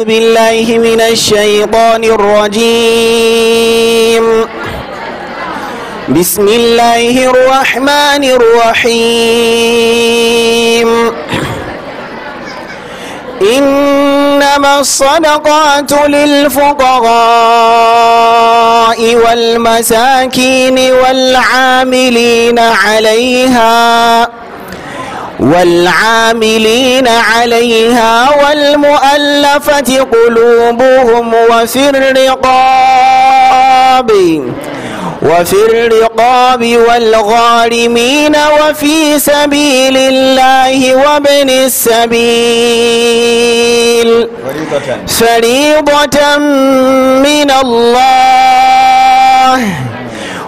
بالله من الشيطان الرجيم بسم الله الرحمن الرحيم إنما الصدقات للفقراء والمساكين والعاملين عليها والعاملين عليها والمؤلفة قلوبهم وفي الرقاب وفي الرقاب والغارمين وفي سبيل الله وابن السبيل فريضة من الله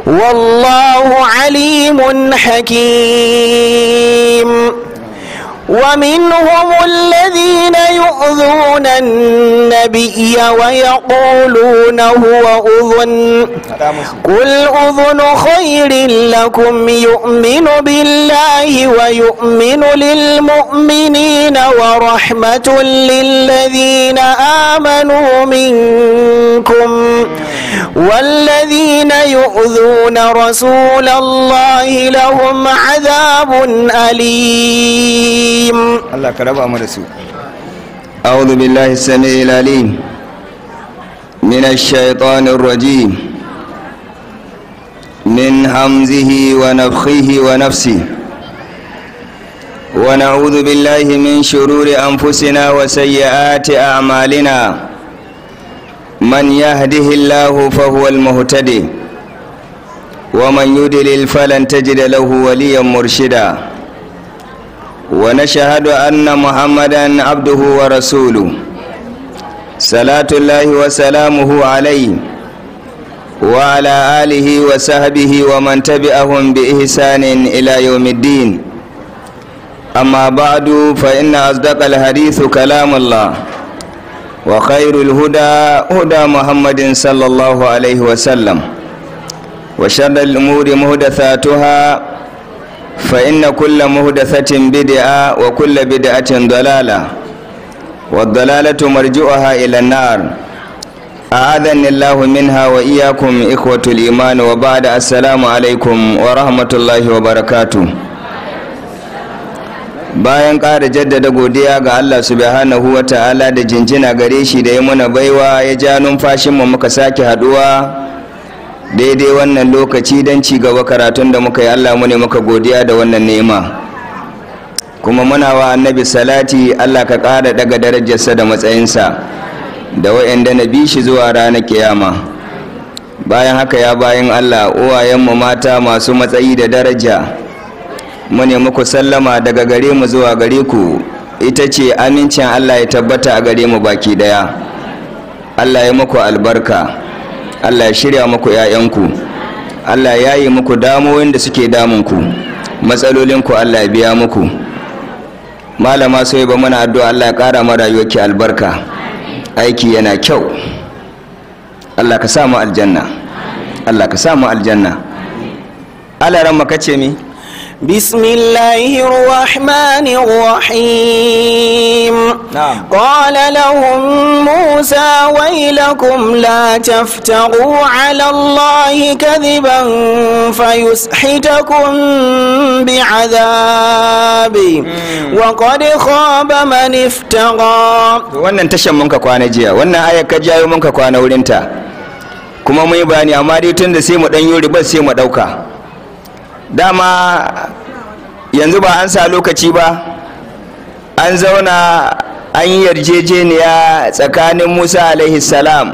والله عليم حكيم ومنهم الذين يؤذون النبي ويقولون هو أذن قل أذن خير لكم يؤمن بالله ويؤمن للمؤمنين ورحمة للذين آمنوا منكم والذين يؤذون رسول الله لهم عذاب أليم rajim ka raba mu da su A'udhu billahi samiil alim min ash rajim min hamzihi wa nafthihi wa nafsi wa na'udhu billahi min shururi anfusina wa sayyiati a'malina من يهده الله فهو المهتدي ومن يدلل فلن تجد له وليا مرشدا wa shahada anna muhammadan abduhu wa rasulu salatullahi wa salamuhu alayhi wa ala alihi wa sahbihi wa man tabi'ahum bi ihsanin ila yawmiddin amma ba'adu fa inna asdaqal hadithu kalamullah wa khairul huda muhammadin sallallahu alayhi wa sallam wa sharral umuri muhdathatuha فإن كل مهدثة بدعة وكل بدعة ضلالة والضلالة مرجوها إلى النار أعاذني الله منها وإياكم إخوة الإيمان وبعد السلام عليكم ورحمة الله وبركاته bayan ƙara jaddada godiya ga Allah subhanahu wa ta'ala da jinjina gare shi da ya muna baiwa ya ja numfashinmu muka sake haduwa daidai wannan lokaci don ci gaba karatun da muka yi Allah mu ne muka godiya da wannan nema kuma muna wa annabi salati Allah ka ƙara daga darajarsa da matsayinsa da wa'anda na bi shi zuwa ranar kiyama bayan haka ya bayan Allah uwayenmu mata masu matsayi da daraja mu ne muku sallama daga gare mu zuwa gare ku ita ce amincin Allah ya tabbata a gare mu baki daya Allah ya muku albarka Allah ya shirya muku ‘ya'yanku Allah ya yi muku damoyin da suke damunku matsalolinku Allah ya biya muku malama sai ba mana addu'a Allah ya ƙara ma rayuwarki albarka aiki yana kyau Allah ka sa mu aljanna Allah ka sa mu aljanna Allah ran maka ce mi بسم الله الرحمن الرحيم نعم. قال لهم موسى ويلكم لا تفتروا على الله كذبا فيسحتكم بعذاب وقد خاب من افترى wannan tashan munka kwana jiya wannan ayar ka jayo munka kwana wurinta kuma mai bani amma dai tun sai mu dan yi riba sai mu ɗauka. dama yanzu ba an sa lokaci ba an zauna an yi yarjejeniya tsakanin musa alaihi salam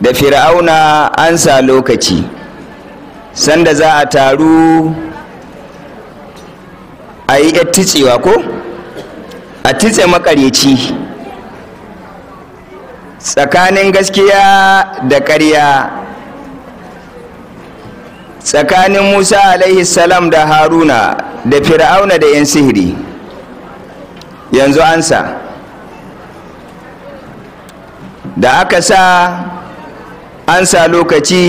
da fir'auna an sa lokaci sanda za a taru a yi titsewa ko a titse makaryaci tsakanin gaskiya da ƙarya tsakanin musa alaihi salam da haruna da fir'auna da 'yan sihiri yanzu ansa da aka sa ansa lokaci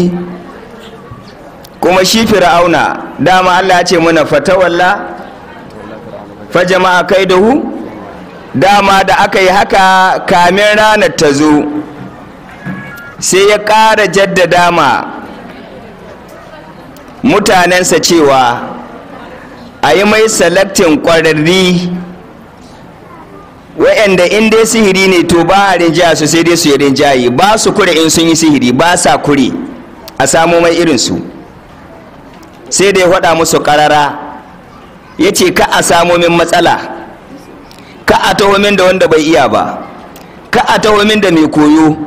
kuma shi fir'auna dama allah ya ce fata fatawalla fa jama'a kai da hu dama da aka yi haka kamin ranar ta zo sai ya ƙara jaddada ma mutanensa cewa a yi mai selectin kwararri wa'anda in dai sihiri ne to ba a rinjaya su sai dai su yi rinjaye ba su kure in sun yi sihiri ba sa kure a samo mai irinsu sai dai faɗa musu karara ya ce ka a samo min matsala ka a taho da wanda bai iya ba ka a taho da mai koyo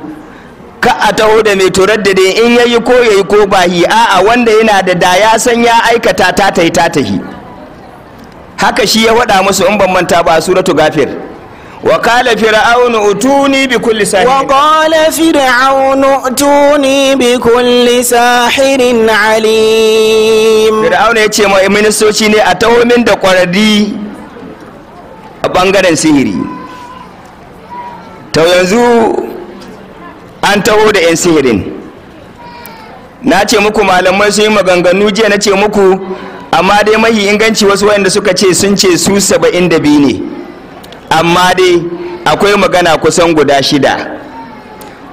ka a taho da mai turar da dai in yayi ko yayi ko bahi a'a wanda yana da da ya san ya aikata ta tahi ta haka shi ya waɗa musu in ban manta ba suratu gafir kulli sahir wa بكل fir'aunu utuni bi kulli sahirin alim fir'aunu ya yace mai ministoci ne a taho min da kwaradi a bangaren sihiri to yanzu an taho da 'yan sihirin na ce muku malamai sun yi maganganu jiya na ce muku amma dai mahi inganci wasu wayanda suka ce sun ce su saba'in da biyu ne amma dai akwai magana kusan guda shida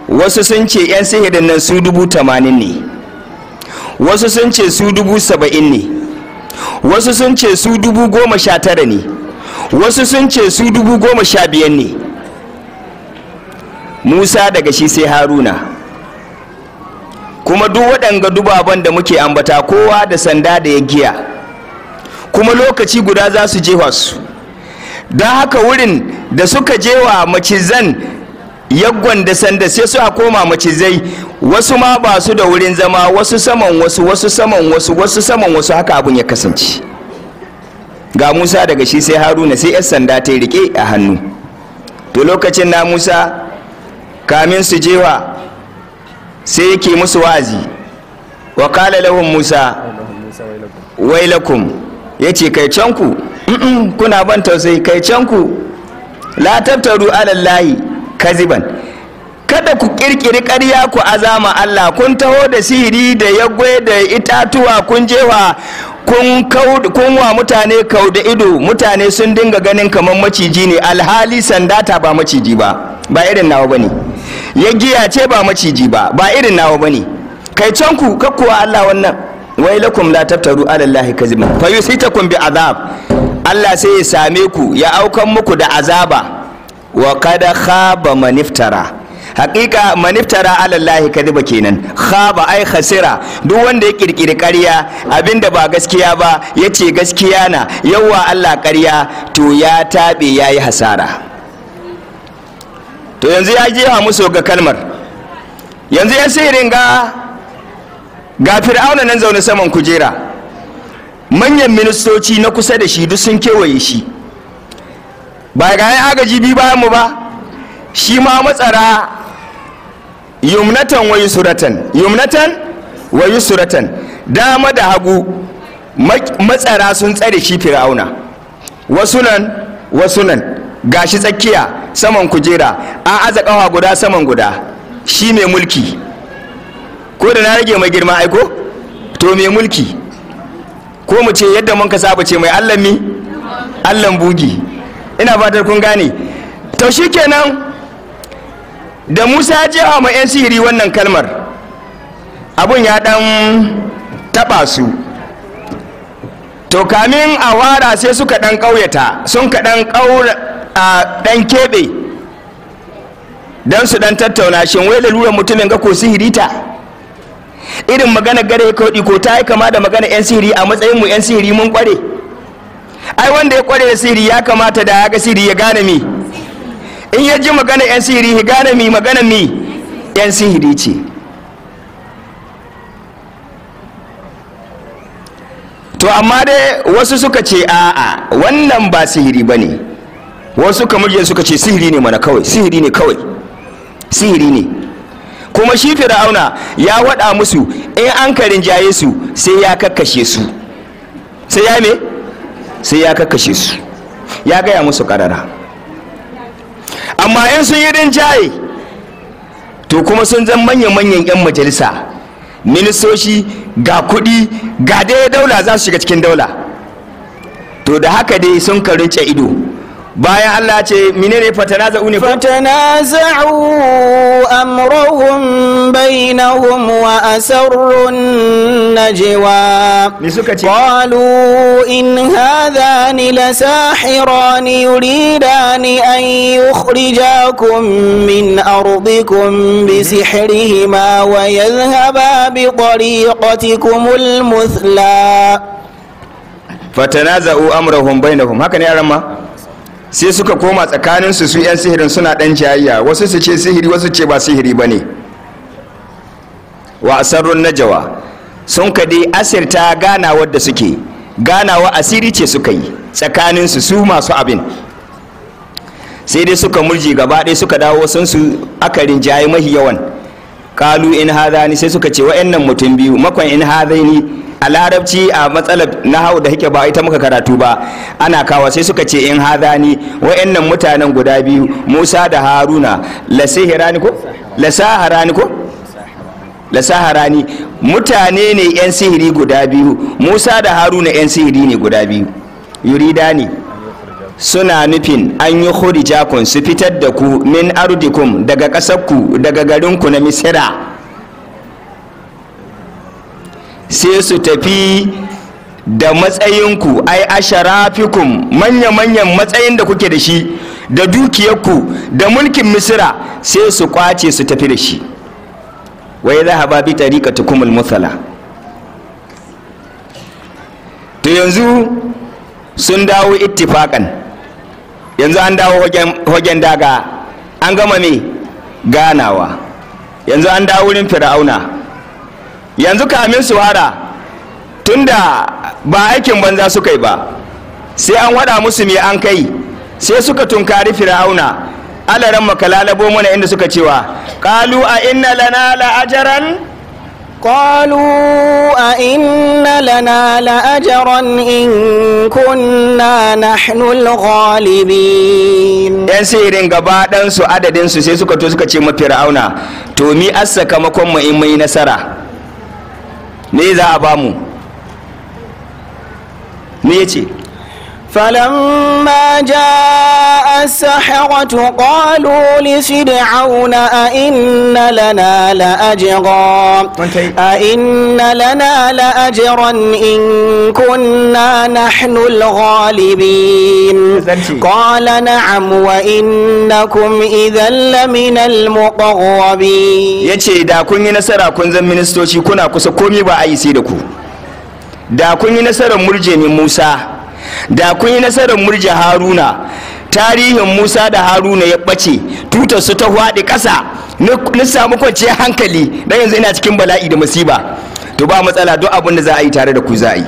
wasu sun ce 'yan sihirin nan su dubu tamanin ne wasu sun ce su dubu saba'in ne wasu sun ce su dubu goma sha tara ne wasu sun ce su dubu goma sha biyan ne musa daga shi sai haruna kuma duk waɗanga dubaban da muke ambata kowa da sanda da ya giya kuma lokaci guda za su je su don haka wurin da suka je wa macizan yaggon da sanda sai su koma macizai wasu ma ba su da wurin zama wasu saman wasu wasu saman wasu wasu saman wasu haka abin ya kasance ga musa daga shi sai haruna sai 'yan sanda ta rike a hannu to lokacin na musa kamin su jewa sai yake musu wazi, wa kala lahum musa wailakum ya ce kai canku kuna ban tausayi kai canku la tabtaru alallahi kaziban kada ku kirkiri karya ku azama Allah kun taho da sihiri da yagwe da itatuwa kun jewa kun wa mutane kauda ido mutane sun dinga ganin kamar maciji ne alhali sanda ta ba maciji ba ba irin nawa bane ne ya giya ce ba maciji ba ba irin nawa ne kai can ku kakkuwa Allah wannan wai lakum la tattaru ala Allah fa yusitakum bi azab Allah sai ya same ku ya aukan muku da azaba wa qad khaba maniftara haƙiƙa maniftara alallahi kadiba kenan khaba ai khasira duk wanda ya kirkiri ƙarya abinda ba gaskiya ba yace gaskiya na yawa Allah ƙarya to ya taɓe ya yi hasara to yanzu ya jefa musu ga kalmar yanzu yan sihirin ga ga fir'auna nan zaune saman kujera manyan ministoci na kusa da shi duk sun kewaye shi ba ga yan agaji bi bayan mu ba shi ma matsara yumnatan wa yusuratan yumnatan wa yusuratan dama da hagu matsara sun tsare shi fir'auna wasunan wasunan gashi tsakiya saman kujera an aza kawa guda saman guda shi mai mulki ko da na rage mai girma aiko to mai mulki ko mu ce yadda mun ka saba ce mai allan mi allan bugi ina fatar kun gane to shi kenan da musa ya je ma 'yan sihiri wannan kalmar abun ya dan taba su to kamin a wara sai suka dan kauyata sun ka dan a ɗan keɓe don su ɗan tattauna shin wai lalurar mutumin ga ko sihiri ta irin magana gare kaɗi ko ta yi kama da magana 'yan sihiri a matsayin mu 'yan sihiri mun kware ai wanda ya kware da sihiri ya kamata da ya ga sihiri ya gane mi in ya ji magana 'yan sihiri ya gane mi magana mi 'yan sihiri ce to amma dai wasu suka ce a'a wannan ba sihiri ba ne wasu kamar yanzu suka ce sihiri ne mana kawai sihiri ne kawai sihiri ne kuma shi fir'auna ya waɗa musu in an karin jaye su sai ya kakkashe su sai ya me sai ya kakkashe su ya gaya musu karara amma in sun yi rinjaye to kuma sun zan manya-manyan 'yan majalisa ministoci ga kuɗi ga dai daula za su shiga cikin daula to da haka dai sun karince ido bayan Allah ce menene fatanaza'u ne ko fatanaza'u amrahum bainahum wa asarrun najwa me suka ce qalu in hadhani lasahiran yuridani an yukhrijakum min ardikum bi sihrihima wa yadhhaba bi tariqatikum al muthla fatanaza'u amrahum bainahum haka ne aran ma sai suka koma tsakanin su su yan sihirin suna dan jayayya wasu su ce sihiri wasu ce ba sihiri bane wa asarrun najawa sun kadi asirta gana wadda suke ganawa asiri ce suka yi tsakanin su su masu abin sai dai suka murji gaba ɗaya suka dawo sun su aka rinjaye mahi yawan kalu in hadani sai suka ce wa'annan mutum biyu makon in hadaini a larabci a matsalar nahau da hike ba ita muka karatu ba ana kawo sai suka ce in haza ni wa'annan mutanen guda biyu Musa da Haruna lasaharani ko lasaharani ko lasaharani mutane ne yan sihiri guda biyu Musa da Haruna yan sihiri ne guda biyu yuridani suna nufin an yi hurijakun su fitar da ku min ardikum daga ƙasarku daga garinku na misira sai su tafi da matsayinku ai asharafikum manya-manyan matsayin da kuke da shi da dukiyarku da mulkin misira sai su kwace su tafi da shi wai za haba bi tarika tukumul musala to yanzu sun dawo ittifakan yanzu an dawo hagen daga an gama mai ganawa yanzu an dawo wurin fir'auna yanzu kamin su tun tunda ba aikin banza suka yi ba sai an waɗa musu me an kai sai suka tunkari fir'auna alaran makalalabo mana inda suka cewa Kalu a inna lana la a قالوا lana la'ajaran in إن na hannun الغالبين yan sihirin gaba ɗansu adadinsu sai suka to suka ce ma fir'auna to mi as sakamakon mu in mai nasara me za a ba mu ne ya ce فلما جاء السحرة قالوا لفرعون أئن لنا لأجرا أئن لنا لأجرا إن كنا نحن الغالبين قال نعم وإنكم إذا لمن المقربين يتي دا كن ينسرا كن زم منستوشي كنا كسكومي كومي سيدكو دا كن نسرا مرجني موسى da kun yi nasarar murja haruna tarihin musa da haruna ya ɓace tutar su ta hwaɗe ƙasa na samu kwanciyar hankali na yanzu ina cikin bala'i da masiba to ba matsala duk abin da za a yi tare da ku za a yi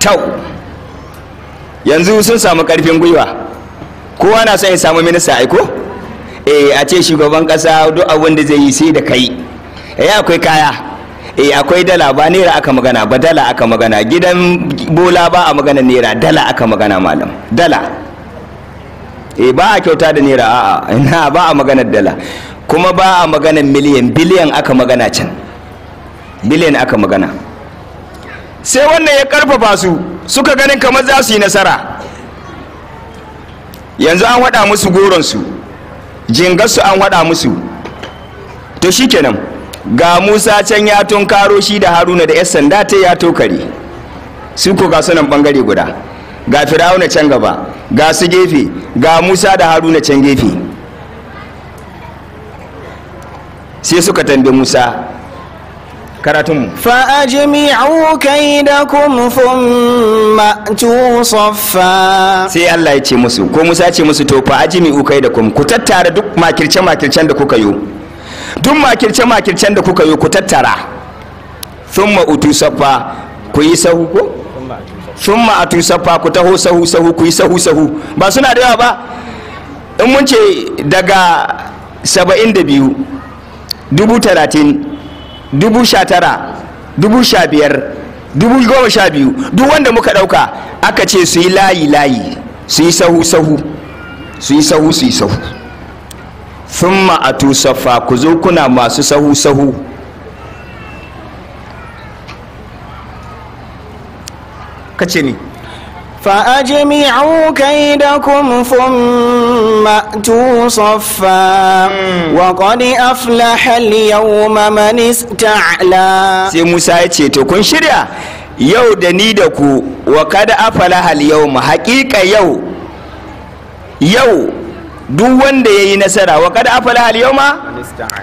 kyau yanzu sun samu ƙarfin gwiwa kowa na son ya samu minista aiko eh a ce shugaban ƙasa duk abin da zai yi sai da kai eh akwai kaya eh akwai dala ba naira aka magana ba dala aka magana gidan bola ba a magana naira dala aka magana malam dala eh ba a kyauta da naira a'a ina ba a magana dala kuma ba a magana miliyan biliyan aka magana can biliyan aka magana sai wannan ya karfafa su suka ganin kamar za su yi nasara yanzu an waɗa musu goron su, jingar su an waɗa musu to shikenan kenan ga musa can ya tunkaro shi da haruna da yan sanda ta ya tokare su ko ga sunan bangare guda ga firawuna can gaba ga su gefe ga musa da haruna can gefe sai suka tambi musa karatunmu fa'ajmi'u kaidakum thumma tusaffa sai Allah ya ce musu ko Musa ya ce musu to fa'ajmi'u kaidakum ku tattara duk makirce makircen da kuka yi duk makirce makircen da kuka yi ku tattara ma utu safa ku yi sahu ko ma atu safa ku taho sahu sahu ku yi sahu sahu ba suna da yawa ba in mun ce daga saba'in da biyu dubu talatin dubu sha tara dubu sha biyar dubu goma sha biyu duk wanda muka ɗauka aka ce su yi layi layi su yi sahu sahu su yi sahu su yi sahu thumma a tusafa ku zo kuna masu sahu-sahu ka ce ni fa'ajimi aukai da kumfun matu soffa hmm. wa kwani aflahal yau mamanis ala. sai musa ya ce to kun shirya yau da ni da ku wa kada aflahal yau ma hakika yau yau duk wanda ya yi nasara wa kada afala hal yauma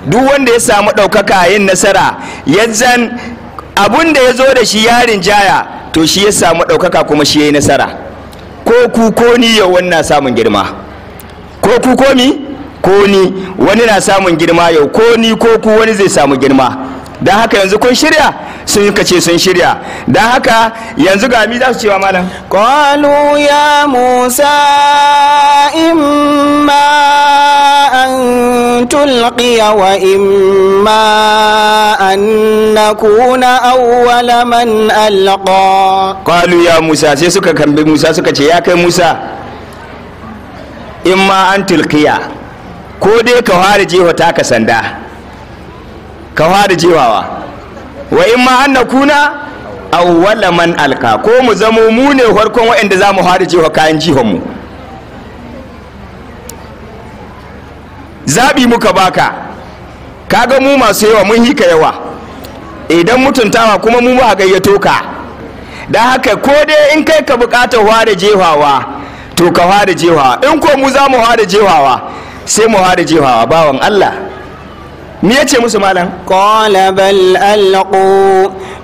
duk wanda ya samu ɗaukaka yin nasara yanzan abun da ya zo da shi yarin jaya to shi ya samu ɗaukaka kuma shi ya yi nasara ko ku ko ni yau wani na samun girma ko ku ko ni ko ni wani na samun girma yau ko ni ko ku wani zai samu girma don haka yanzu kun shirya sun ka ce sun shirya don haka yanzu ga mi za su cewa malam qalu ya musa imma an tulqiya wa imma an nakuna awwala man alqa qalu ya musa sai suka kambi musa suka ce ya kai musa imma an tulqiya ko dai ka fara jefa taka sanda ka fara jewawa wa in ma an kuna awwala man alka ko mu zamo mu ne farkon waɗanda za mu fara jewa kayan jihonmu zaɓi muka baka kaga mu masu yawa mun hika yawa idan mutuntawa kuma mu ma gayyato ka Da haka ko dai in kai ka buƙatar fara jewawa to ka fara jewawa in ko mu za mu fara jewawa sai mu fara jewawa bawan Allah me yace musu malam qala bal alqu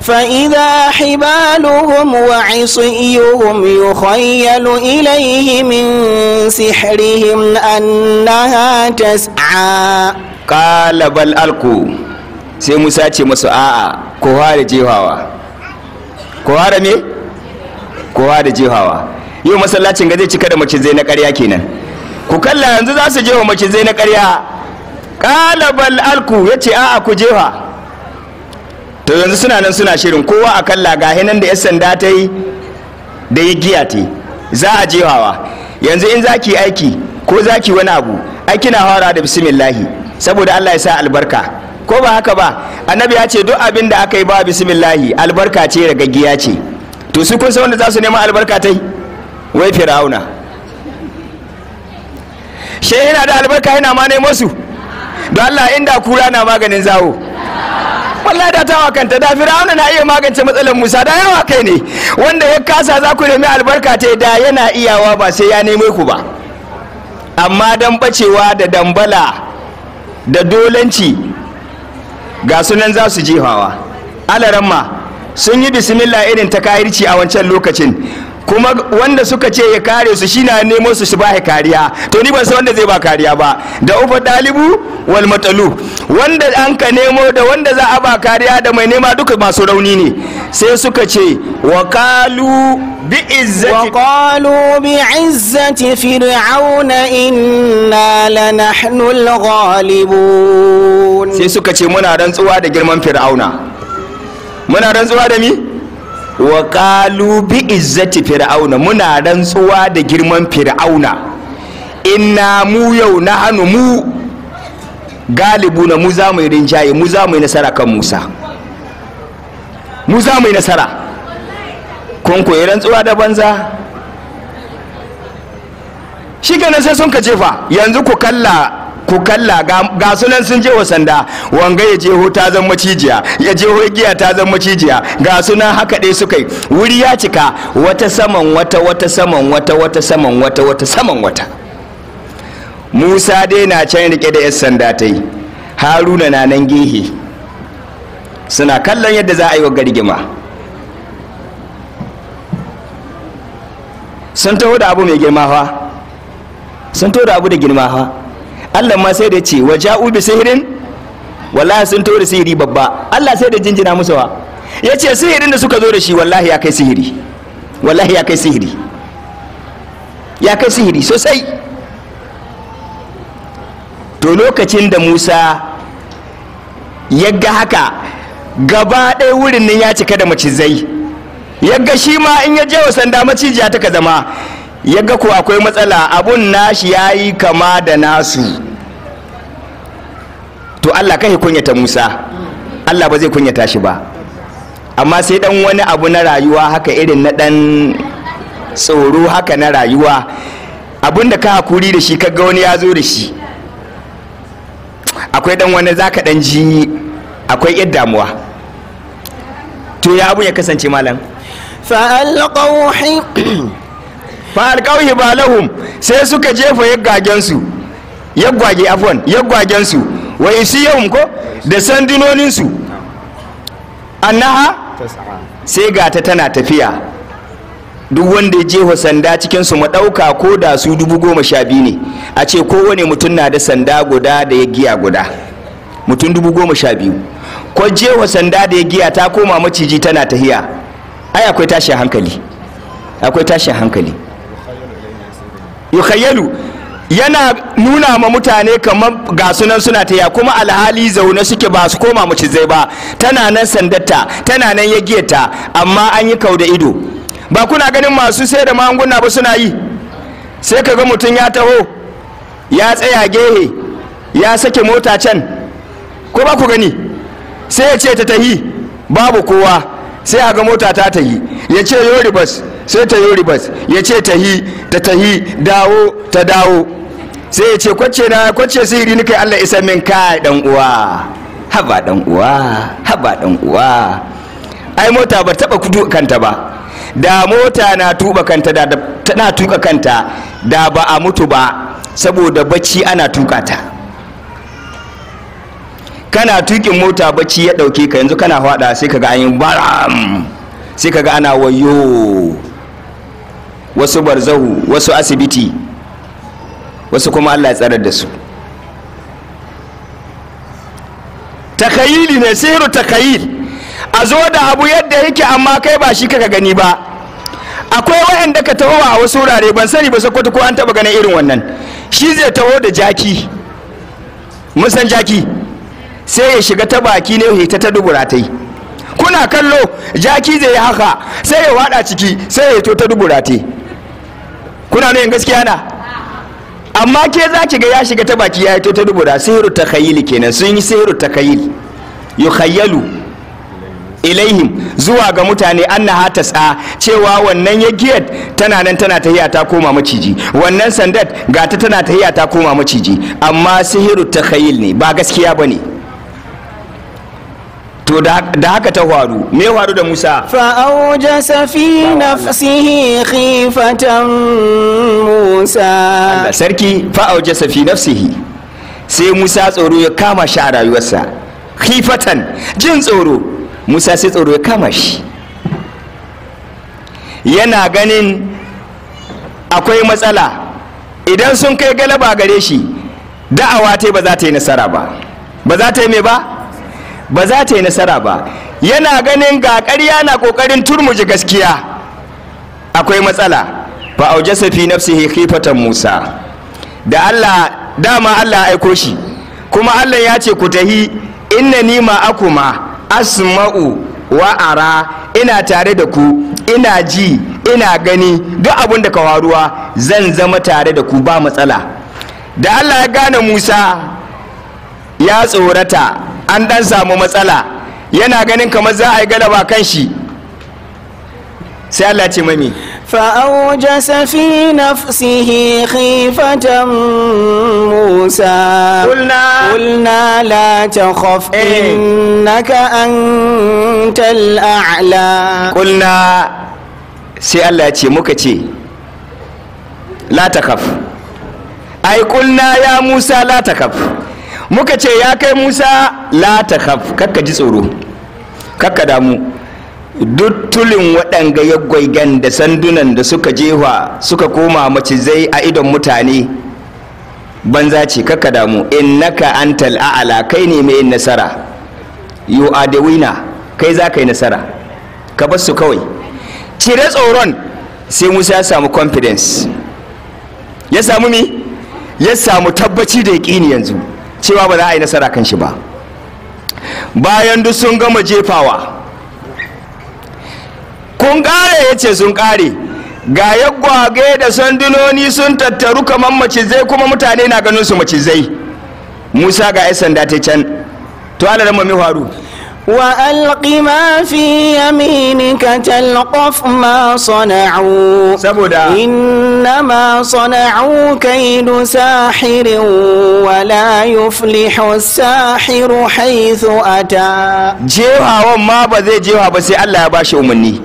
fa idha hibaluhum wa isiyuhum yukhayyalu ilayhi min sihrihim annaha tas'a qala bal alqu sai musa ce musu a'a ko hare jehawa ko hare me ko hare jehawa yau masallacin ga zai cika da macizai na ƙarya kenan ku kalla yanzu za su je wa macizai na ƙarya ƙalabal alku ya ce a'a ku jefa to yanzu suna nan suna shirin kowa a kalla ga nan da ya sanda ta yi da yi giya ta za a jefawa yanzu in za ki aiki ko za ki wani abu aiki na hawara da bismillahi saboda allah ya sa albarka ko ba haka ba annabi ya ce duk abin da aka yi ba bismillahi albarka ce ragaggiya ce to su kun san wanda za su nema albarka ta yi wai fir'auna shi yana da albarka yana ma nemo su don Allah inda kura na maganin zawo wallahi da tawa kanta da fir'auna na iya magance matsalar musa da yawa kai ne wanda ya kasa za ku nemi albarka ta da yana iyawa ba sai ya neme ku ba amma dan bacewa da dambala da dolanci ga sunan za su jefawa alaramma sun yi bismillah irin ta kahirci a wancan lokacin kuma wanda suka ce ya kare su shi na nemo su ba ya kariya to ni ban san wanda zai ba kariya ba da ufa dalibu wal matalu wanda an ka nemo da wanda za a ba kariya da mai nema duka masu rauni ne sai suka ce wa kalu bi izzati wa kalu bi izzati fir'auna inna lanahnu al-ghalibun sai suka ce muna rantsuwa da girman fir'auna muna rantsuwa da mi wa kalu bi izzati fir'auna muna rantsuwa da girman fir'auna inna mu yau na hannu mu galibu na mu za mu yi rinjaye mu za mu yi nasara kan musa mu za mu yi nasara kun koyi rantsuwa da banza shi kenan sai sun ka jefa yanzu ku kalla ku kalla ga sunan sun je sanda wanga ya jeho ta zan macijiya ya jeho igiya ta zan macijiya ga sunan haka dai suka yi wuri ya cika wata saman wata wata saman wata wata saman wata wata saman wata musa dai na can rike da 'yan sanda ta yi haruna na nan gehe suna kallon yadda za a yi wa gargima sun taho da abu mai girma fa sun taho da abu da girma fa Allah ma sai da ce wa ja'u bi sihirin wallahi sun tauri sihiri babba Allah sai da jinjina musu wa yace sihirin da suka zo da shi wallahi ya kai sihiri wallahi ya kai sihiri ya kai sihiri sosai to lokacin da Musa ya ga haka gaba ɗaya wurin nan ya cika da macizai ya ga shi ma in ya je wa sanda macijiya ta ka zama ya ga ko akwai matsala abun nashi ya yi kama da nasu to Allah kai kunyata Musa Allah ba zai kunyata shi ba amma sai dan wani abu na rayuwa haka irin na dan tsoro haka na rayuwa abun da ka hakuri da shi kaga wani ya zo da shi akwai dan wani zaka dan ji akwai yadda damuwa to ya abu ya kasance malam fa'alqaw fa ba lahum sai suka jefa yaggagen su yaggwage afwan yaggwagen su wa isiyahum ko da sandinonin su annaha sai gata tana tafiya duk wanda ya jefa sanda cikin su madauka ko da su dubu goma sha biyu ne a ce kowane mutum na da sanda guda da ya giya guda mutum dubu goma sha biyu ko jefa sanda da ya giya ta koma maciji tana tahiya ai akwai tashin hankali akwai tashin hankali yukhayyalu yana nuna ma mutane kamar ga sunan suna ta ya kuma alhali zaune suke ba su koma macizai ba tana nan sandarta tana nan yagiyarta amma an yi kau da ido ba kuna ganin masu sai da magunguna ba suna yi sai ka ga mutum ya taho ya tsaya gehe ya sake mota can ko ba ku gani sai ya ce ta tahi babu kowa sai a ga mota ta tahi ya ce yoribas sai ta yi ribas ya ce ta yi ta ta yi dawo ta dawo sai ya ce kwace na kwace yi nika Allah isa min ka dan uwa haba dan uwa haba dan uwa ai mota ba taba kudu kanta ba da mota na tuba kanta da tana tuka kanta da ba a mutu ba saboda bacci ana tuka ta kana tukin mota bacci ya dauke ka yanzu kana hwada sai kaga an yi baram sai kaga ana wayo wasu barzahu wasu asibiti wasu kuma allah tsarar da su takayili ne sihiru takayil a zo da abu yadda yake amma kai ba shi kaka gani ba akwai waɗanda ka taho a wasu wurare ban sani ba sokoto ko an taba ganin irin wannan shi zai taho da jaki mun san jaki sai ya shiga ta baki ne ya ta dubura ta yi kuna kallo jaki zai yi haka sai ya wada ciki sai ya to ta dubura ta yi kuna nuna gaskiya na amma ke za ki ga ya shiga ta baki ya yi ta rubuta sihiru takhayili kenan sun yi sihiru takhayil yukhayyalu ilaihim zuwa ga mutane an hata tsa cewa wannan ya giyar tana nan tana ta tahiya ta koma maciji wannan sandat gata tana ta tahiya ta koma maciji amma sihiru takhayil ne ba gaskiya ba ne to da haka ta faru me faru da Musa fa'aujasa fi nafsihi khifatan Musa Allah sarki fa'aujasa fi nafsihi sai Musa tsoro ya kama shi a rayuwarsa khifatan jin tsoro Musa sai tsoro ya kama shi yana ganin akwai matsala idan sun kai galaba gare shi da'awa ta ba za ta yi nasara ba ba za ta yi mai ba ba za ta yi nasara ba yana ganin ga ƙarya na ƙoƙarin turmuji gaskiya akwai matsala fa aujasa fi nafsihi khifatan musa da Allah dama Allah aiko shi kuma Allah ya ce ku tahi inna ni akuma asma'u wa ara ina tare da ku ina ji ina gani duk abin da ka waruwa zan zama tare da ku ba matsala da Allah ya gane Musa ya tsorata an dan samu matsala yana ganin kamar za a yi galaba kan shi sai Allah ce mami fa'aujasa fi nafsihi khifatan musa kulna kulna la takhaf eh. innaka antal a'la kulna sai Allah ce muka ce la takhaf ai kulna ya musa la takhaf muka ce ya kai musa la ta haf kakka ji tsoro kakka damu duk tulin waɗanga ya gwaigan da sandunan da suka jewa suka koma macizai a idon mutane banza ce kakka damu In naka antal ala kai ne mai nasara you are the winner kai za ka yi nasara ka bar su kawai cire tsoron sai musa ya samu confidence ya samu mi ya samu tabbaci da yaƙini yanzu cewa ba za a yi nasara kan shi ba bayan duk sun gama jefawa kun kare ya ce sun kare, ga yaggwage da sandunoni sun tattaru kamar macizai kuma mutane na ganin su macizai musa ga 'yan sanda ta can to ala da mami faru wa’alƙi ma fi yami ni ka tallaƙof ma sana’u, ina ma sana’u ka yi dusa hirin wa layu fulihu sa hiru haithu a ta. Jewawan ma ba zai jewa ba sai Allah ya ba umarni,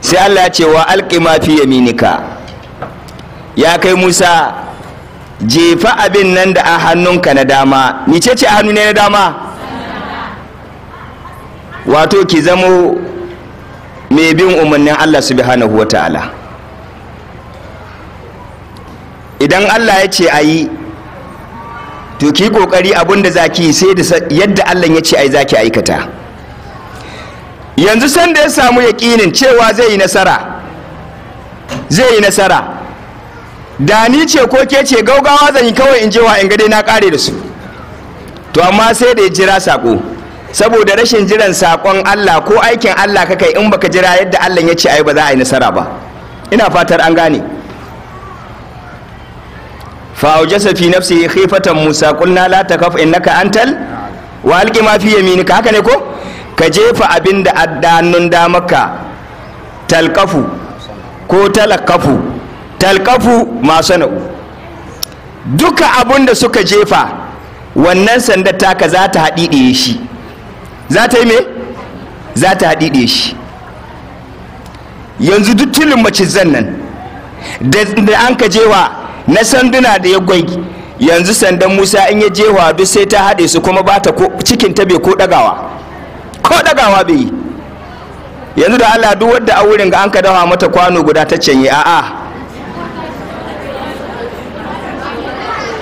sai Allah ya ce wa’alƙi ma fi ya kai Musa jefa abin nan da a hannunka na dama, ni ce ce hannu ne na dama? wato ki zamo mai bin umarnin Allah subhanahu wata'ala idan Allah ya ce a yi to ki kokari abinda da ki sai da yadda Allah ya ce a yi za ki aikata yanzu sanda ya samu yakinin cewa zai yi nasara zai yi nasara da ni ce ko ke ce gaugawa zan yi kawai in je wa in ga na kare da su to amma sai da ya jira sako saboda rashin jiran saƙon Allah ko aikin Allah ka kai in baka jira yadda Allah ya ce ai ba za a yi nasara ba ina fatar an gane fa aujasa fi nafsi khifatan musa qulna la takaf innaka antal wa alqi ma fi yaminika haka ne ko ka jefa abin da addanun damaka talqafu ko talakafu ma masana'u duka abin da suka jefa wannan sanda taka za ta haɗiɗiye shi za ta yi me za ta haɗiɗe shi yanzu duk tilin macizan nan da an ka jewa na sanduna da ya gwai yanzu sandan musa in ya jewa duk sai ta haɗe su kuma ba ta cikin ta bai ko ɗagawa ko ɗagawa bai yi yanzu da allah duk wadda a wurin ga an ka dawa mata kwano guda ta canye a'a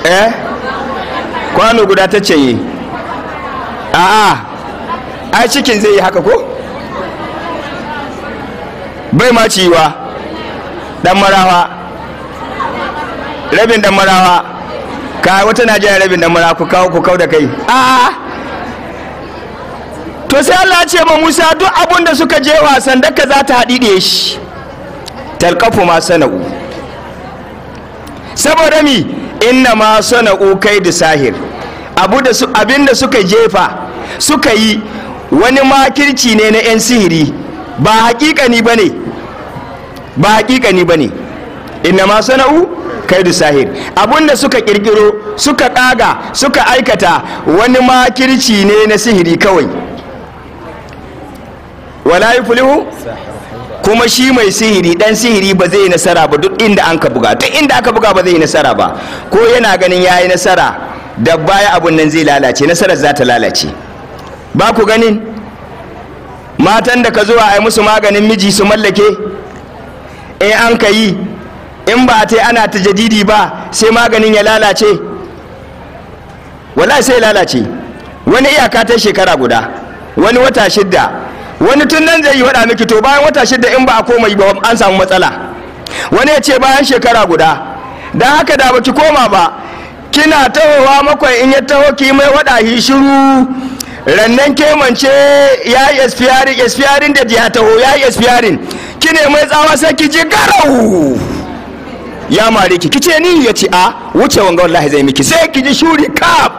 eh kwano guda ta canye a'a ai cikin zai yi haka ko bai ma ciwa dan marawa rabin dan marawa ka wata na rabin dan marawa ku kawo ku kawo da kai a to sai Allah ya ce ma Musa duk abun da suka je wasan da ka za ta da shi talqafu ma sana'u saboda mi inna ma sana'u kai da sahir abu da su abinda suka jefa suka yi wani makirci ne na 'yan sihiri ba hakikani ba ne ba ni ba ne inna ma sana'u kaidu sahir abinda suka kirkiro suka kaga suka aikata wani makirci ne na sihiri kawai wala fulihu kuma shi mai sihiri dan sihiri ba zai yi nasara ba duk inda an ka buga duk inda aka buga ba zai yi nasara ba ko yana ganin ya yi nasara da baya abun nan zai lalace nasarar za ta lalace ba ku ganin matan da ka zo a musu maganin miji su mallake in an ka yi in ba ta ana ta jadidi ba sai maganin ya lalace wala sai lalace wani iyaka ta shekara guda wani wata shidda wani tun nan zai yi wada miki to bayan wata shidda in ba a koma yi ba an samu matsala wani ya ce bayan shekara guda don haka da baki koma ba kina tahowa makon in ya taho ki mai wada hi shiru rannan kemance ya yi espiyarin espiyarin da jiya taho ya yi espiyarin ki ne mai tsawa sai ki ji garau ya mare ki kice ni ya ce a wuce wanga wallahi zai miki sai ki ji shuri kaf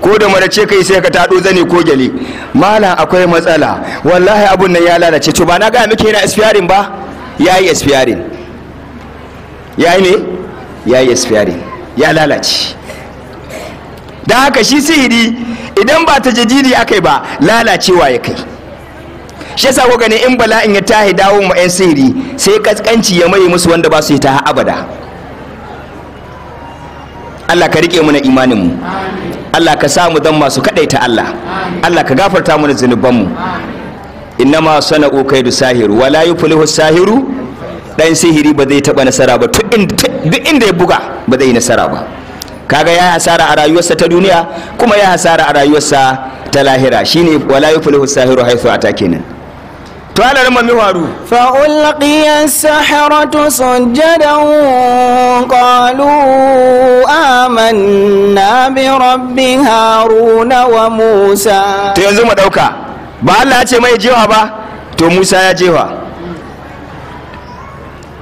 ko da ce kai sai ka taɗo zane ko gyale malam akwai matsala wallahi abun nan ya lalace to ba na ga miki yana espiyarin ba ya yi espiyarin ya yi ne ya yi espiyarin ya lalace da haka shi sihiri idan ba ta jadidi akai ba lalacewa ya kai shi yasa ko gani in bala'in ya tahi dawo ma 'yan sihiri sai kaskanci ya mai musu wanda ba su yi ta abada Allah ka rike mana imanin mu Allah ka sa mu dan masu kadaita Allah Allah ka gafarta mana zunuban mu ma sana'u kaidu sahiru wala yuflihu sahiru dan sihiri ba zai taba nasara ba duk inda ya buga ba zai yi nasara ba kaga ya hasara a rayuwarsa ta duniya kuma ya hasara a rayuwarsa ta lahira shine wala yuflihu sahiru haythu ata kenan to ala ran mamu waru fa ulqiya sahiratu sujadan qalu amanna bi rabbi haruna wa musa to yanzu mu dauka ba Allah ya ce mai jewa ba to Musa ya jewa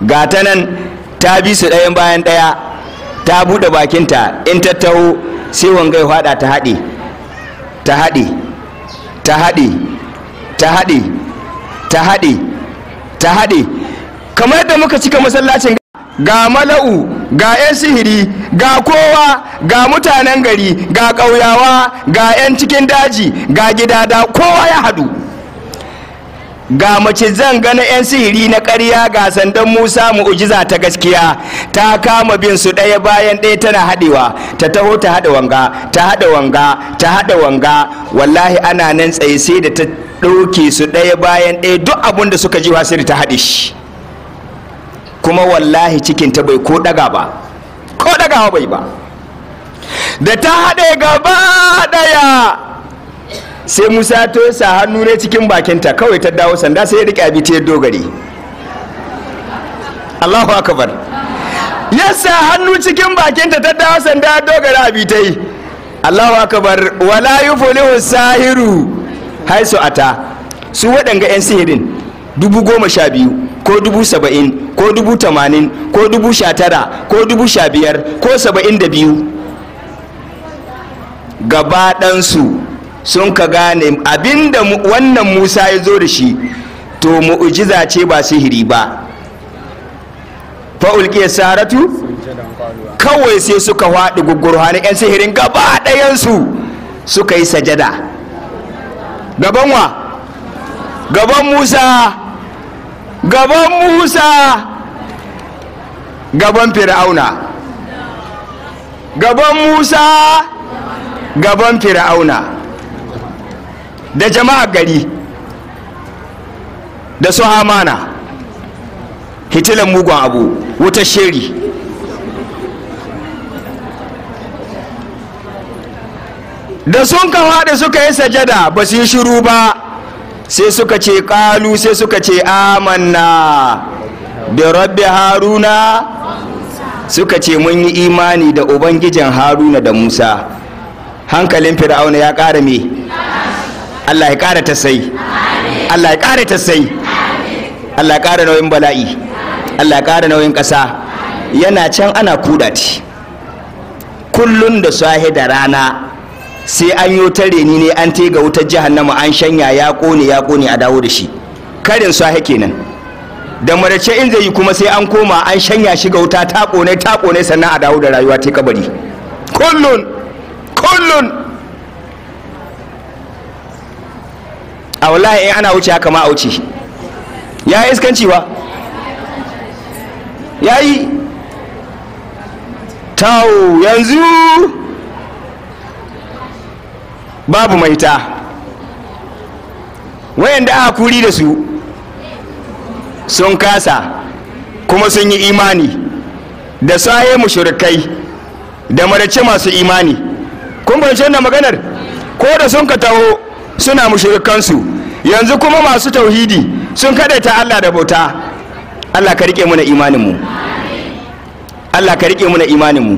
ga ta nan ta bi su ɗayan bayan ɗaya ta buɗe bakinta in ta taho sai wangai fada ta haɗe ta haɗe ta haɗe ta haɗe ta haɗe ta haɗe kamar yadda muka cika masallacin ga mala'u ga 'yan sihiri ga kowa ga mutanen gari ga ƙauyawa ga 'yan cikin daji ga gidada kowa ya haɗu ga mace zan gana 'yan sihiri na karya ga sandan musa mu ujiza ta gaskiya ta kama bin su ɗaya bayan ɗaya tana haɗewa ta taho ta haɗa wanga ta haɗa wanga ta haɗa wanga wallahi ana nan tsaye sai da ta ɗauke su ɗaya bayan ɗaya duk abin suka ji sai ta haɗe shi kuma wallahi cikin ta bai ko ɗaga ba ko ɗagawa bai ba da ta haɗe gaba ɗaya sai musa to ya sa hannu ne cikin bakinta kawai ta dawo sanda sai ya rike abi ta dogari allahu akbar ya sa hannu cikin bakinta ta dawo sanda ya dogara abi ta yi allahu akbar wala yuflihu sahiru haisu ata su waɗanga 'yan sihirin dubu goma sha biyu ko dubu saba'in ko dubu tamanin ko dubu sha tara ko dubu sha biyar ko saba'in da biyu gabaɗansu sun ka gane abinda wannan musa ya zo da shi to mu'ujiza ce ba sihiri ba fa'ulƙiya saratu kawai sai suka haɗi gugurhanin 'yan sihirin gaba ɗayansu suka yi sajada gaban wa gaban musa gaban musa gaban fir'auna gaban musa gaban fir'auna da jama'a gari da su Amana hitilan mugun abu wuta sheri da sun kawo da suka yi sajada ba su yi shiru ba sai suka ce ƙalu sai suka ce amanna da rabbi haruna suka ce mun yi imani da ubangijin haruna da musa hankalin fir'auna ya ƙara me Allah ya ƙara ta sai Allah ya ƙara ta sai Allah ya ƙara nauyin bala'i Allah ya ƙara nauyin ƙasa yana can ana kudati kullun da sahi da rana sai an yi ta reni ne an te ga wutar jahannama an shanya ya kone ya kone a dawo da shi karin sahi kenan da marace in zai yi kuma sai an koma an shanya shi ga wuta ta ƙone ta ƙone sannan a dawo da rayuwa ta kabari kullun kullun a wallahi in ana wuce haka ma a wuce ya yi iskanci ba ya yi tawo yanzu babu maita wayanda aka kuri da su sun kasa kuma sun yi imani da sahe mushrikai da marace masu imani kun fahimci wannan maganar ko da sun ka taho suna mushrikansu yanzu kuma masu tauhidi sun kadaita Allah da bauta Allah ka rike muna imanin mu Allah ka rike muna imanin mu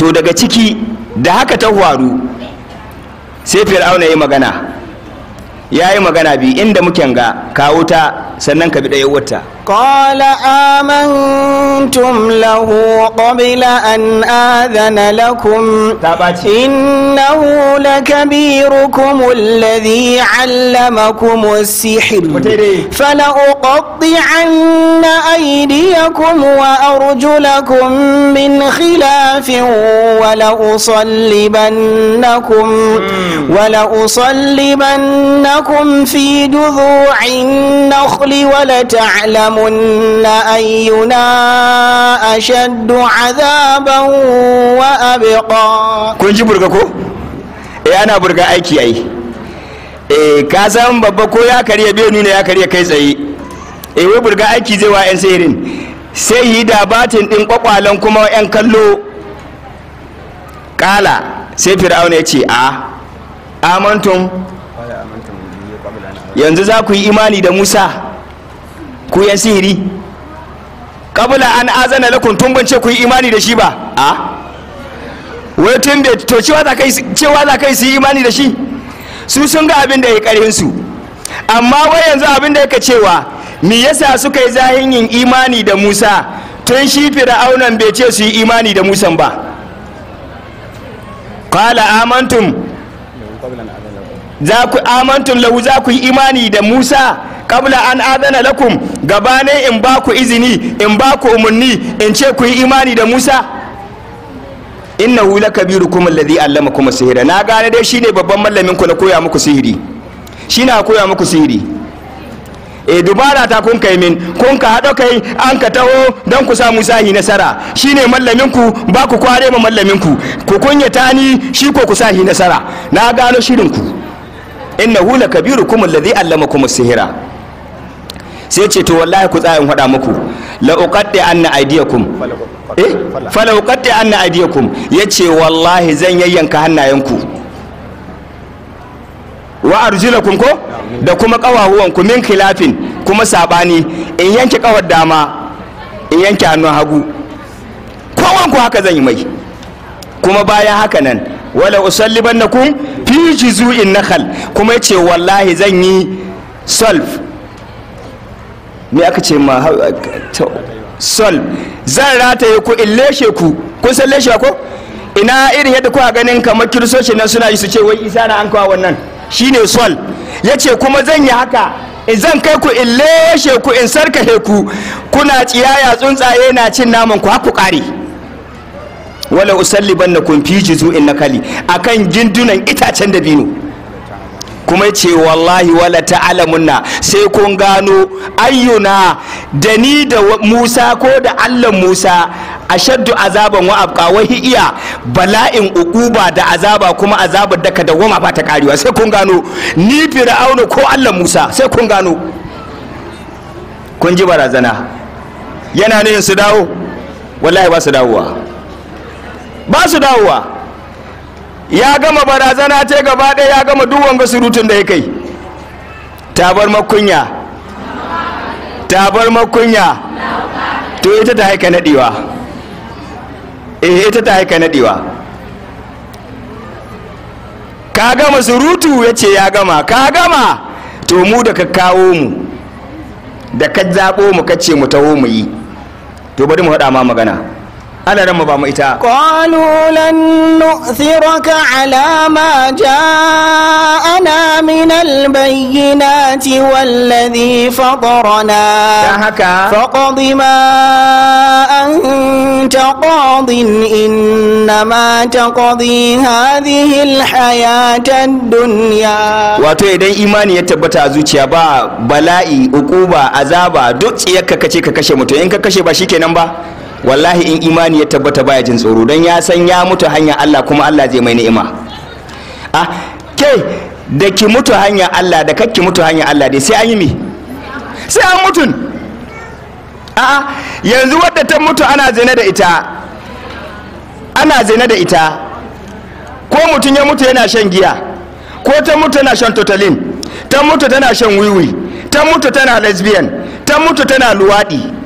to daga ciki da haka ta faru sai fir'auna ya magana ya yi magana bi inda muke ga kawo ta sannan ka bi ɗaya wata قال آمنتم له قبل أن آذن لكم إنه لكبيركم الذي علمكم السحر فلأقطعن أيديكم وأرجلكم من خلاف ولأصلبنكم ولأصلبنكم في جذوع النخل ولتعلمن يعلمن أينا أشد عذابا وأبقى كنت برككو إيه أنا بركة أيكي أي eh ka san babba ko ya karya bai nuna ya karya kai tsaye eh wai burga aiki zai wa yan sayirin sai yi da batin din kuma yan kallo kala sai fir'auna ce a amantum yanzu za ku yi imani da musa ku yan sihiri kabula an azana lakum tun ban ce ku yi imani da shi ba a wai tun da to cewa za kai cewa za su yi imani da shi su sun ga abin da ya karin su amma wai yanzu abin da yake cewa me yasa suka yi zahin yin imani da Musa tun shi fir'aunan bai ce su yi imani da Musa ba qala amantum za ku amantum lahu za ku yi imani da Musa qabla an adana lakum gabane in ba ku izini in ba ku umarni in ce ku yi imani da Musa kuma ladi alladhi allamakum sihira na gane dai shine babban mallamin ku na koya muku sihiri shine a koya muku sihiri e dubara ta kun kai min kun ka hado kai an ka taho don ku sa musa hi nasara shine mallamin ku ba ku kware ma mallamin ku ku kunyata ni shi ko ku sa hi nasara na gano shirin ku kuma ladi alladhi allamakum sihira sai ce to wallahi ku tsaya in faɗa muku la uqatti anna aydiyakum eh fala uqatti anna aydiyakum yace wallahi zan yayyanka hannayenku wa arjulakum ko da kuma ku min khilafin kuma sabani in yanke kawar dama in yanke hannun hagu wanku haka zan yi mai kuma bayan haka nan wala usallibannakum fi juzu'in nakhal kuma yace wallahi zan yi solve me aka ce ma sol zan rataye ku in leshe ku kun san leshe ko ina irin yadda kuka ganin kamar kirsoci nan suna yi su ce wai isa na an kawo wannan shine sol ya ce kuma zan yi haka in zan kai ku in leshe ku in sarkahe ku kuna tsiyaya tsuntsaye na cin naman ku haku kare wala usalliban na kun fi jizu in nakali akan gindunan itacen dabino kuma ce wallahi wala ta'ala munna sai kun gano ayyuna da ni da musa ko da allah musa ashaddu azaban wa abqa wa hiya bala'in uquba da azaba kuma azabar da goma ba ta karewa sai kun gano ni fir'auna ko allah musa sai kun gano kun ji barazana yana ne su dawo wallahi ba su dawowa ba su dawowa ya gama barazana ce gaba ɗaya ya gama duk wanga surutun da ya kai tabar makunya tabar makunya to ita ta haika naɗewa eh ita ta haika naɗewa ka gama surutu ya ce ya gama ka gama to mu da ka kawo mu da ka zaɓo mu kace mu taho mu yi to bari mu haɗa ma magana ana ranma ba mu ita qalu lan nu'thiraka ala ma ja'ana min albayyinati walladhi fatarana dan haka faqdi ma anta qadin innama taqdi hadhihi alhayata ad-dunya wato idan imani ya tabbata a zuciya ba bala'i ukuba azaba duk ciyakka kace ka kashe mutum in ka kashe ba shikenan ba wallahi in imani ya tabbata baya jin tsoro don ya san ya mutu hanya Allah kuma Allah zai mai ni'ima a ah, ke da ki mutu hanya Allah da kakki mutu hanya Allah dai sai an yi mi sai an mutun a yanzu wadda ta mutu ana zina da ita ana zina da ita ko mutum ya mutu yana shan giya ko ta mutu tana shan totalin ta mutu tana shan wiwi ta mutu tana lesbian ta mutu tana luwaɗi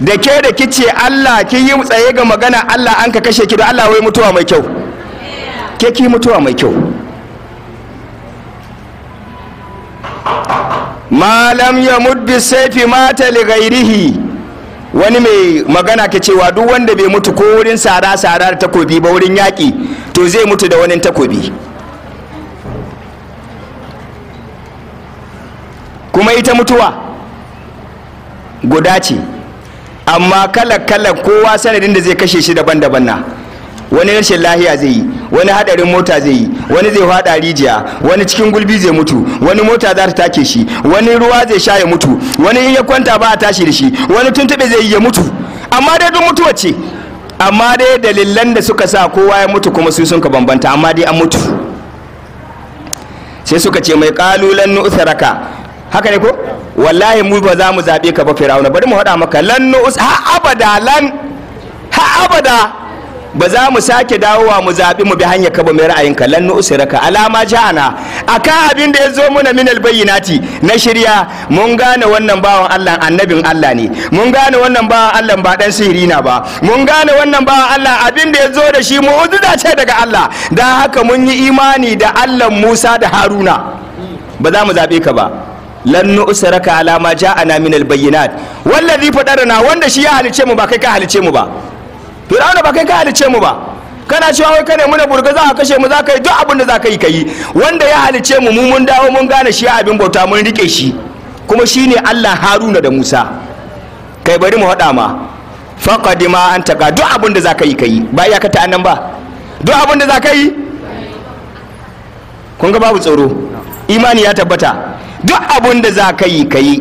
da ke da kice Allah ki yi tsaye ga magana Allah an ka kashe ki da Allah wai mutuwa mai kyau ke ki mutuwa mai kyau malam ya muddi saifi mata ligairihi wani mai magana ka cewa duk wanda bai mutu ko wurin sara sara da takobi ba wurin yaƙi to zai mutu da wani takobi kuma ita mutuwa guda ce amma kala kala kowa sanadin da zai kashe shi daban-daban na wani rashin lahiya zai yi wani hadarin mota zai yi wani zai hada rijiya wani cikin gulbi zai mutu wani mota za ta take shi wani ruwa zai sha ya mutu wani in ya kwanta ba a tashi da shi wani tuntube zai yi ya mutu amma dai duk mutuwa ce amma dai dalilan da suka sa kowa ya mutu kuma su sun ka bambanta amma dai an mutu sai suka ce mai kalulan nu'tharaka haka ne ko wallahi mu ba za mu zaɓe ka ba firawuna bari mu haɗa maka lan nu'us ha abada lan ha abada ba za mu sake dawowa mu zaɓi mu bi hanyar ka ba mai ra'ayin ka lan nu'us raka alama ja'ana akan abin da ya zo muna min albayyinati na shirya mun gane wannan bawan Allah annabin Allah ne mun gane wannan bawan Allah ba dan sihiri na ba mun gane wannan bawan Allah abin da ya zo da shi mu'jiza ce daga Allah dan haka mun yi imani da Allah Musa da Haruna ba za mu zaɓe ka ba lan nu'siraka ala ma ja'ana min albayyinat wallazi fadarna wanda shi ya halice mu ba kai ka halice mu ba fir'auna ba kai ka halice mu ba kana cewa wai kane muna burga za ka kashe mu za ka yi duk abin da za ka yi ka yi wanda ya halice mu mu mun dawo mun gane shi abin bauta mun rike shi kuma shine Allah Haruna da Musa kai bari mu haɗa ma faqadima anta ka duk abin da za ka yi ka yi ba iyaka ta annan ba duk abin da za ka yi kun ga babu tsoro imani ya tabbata duk abin da za ka yi ka yi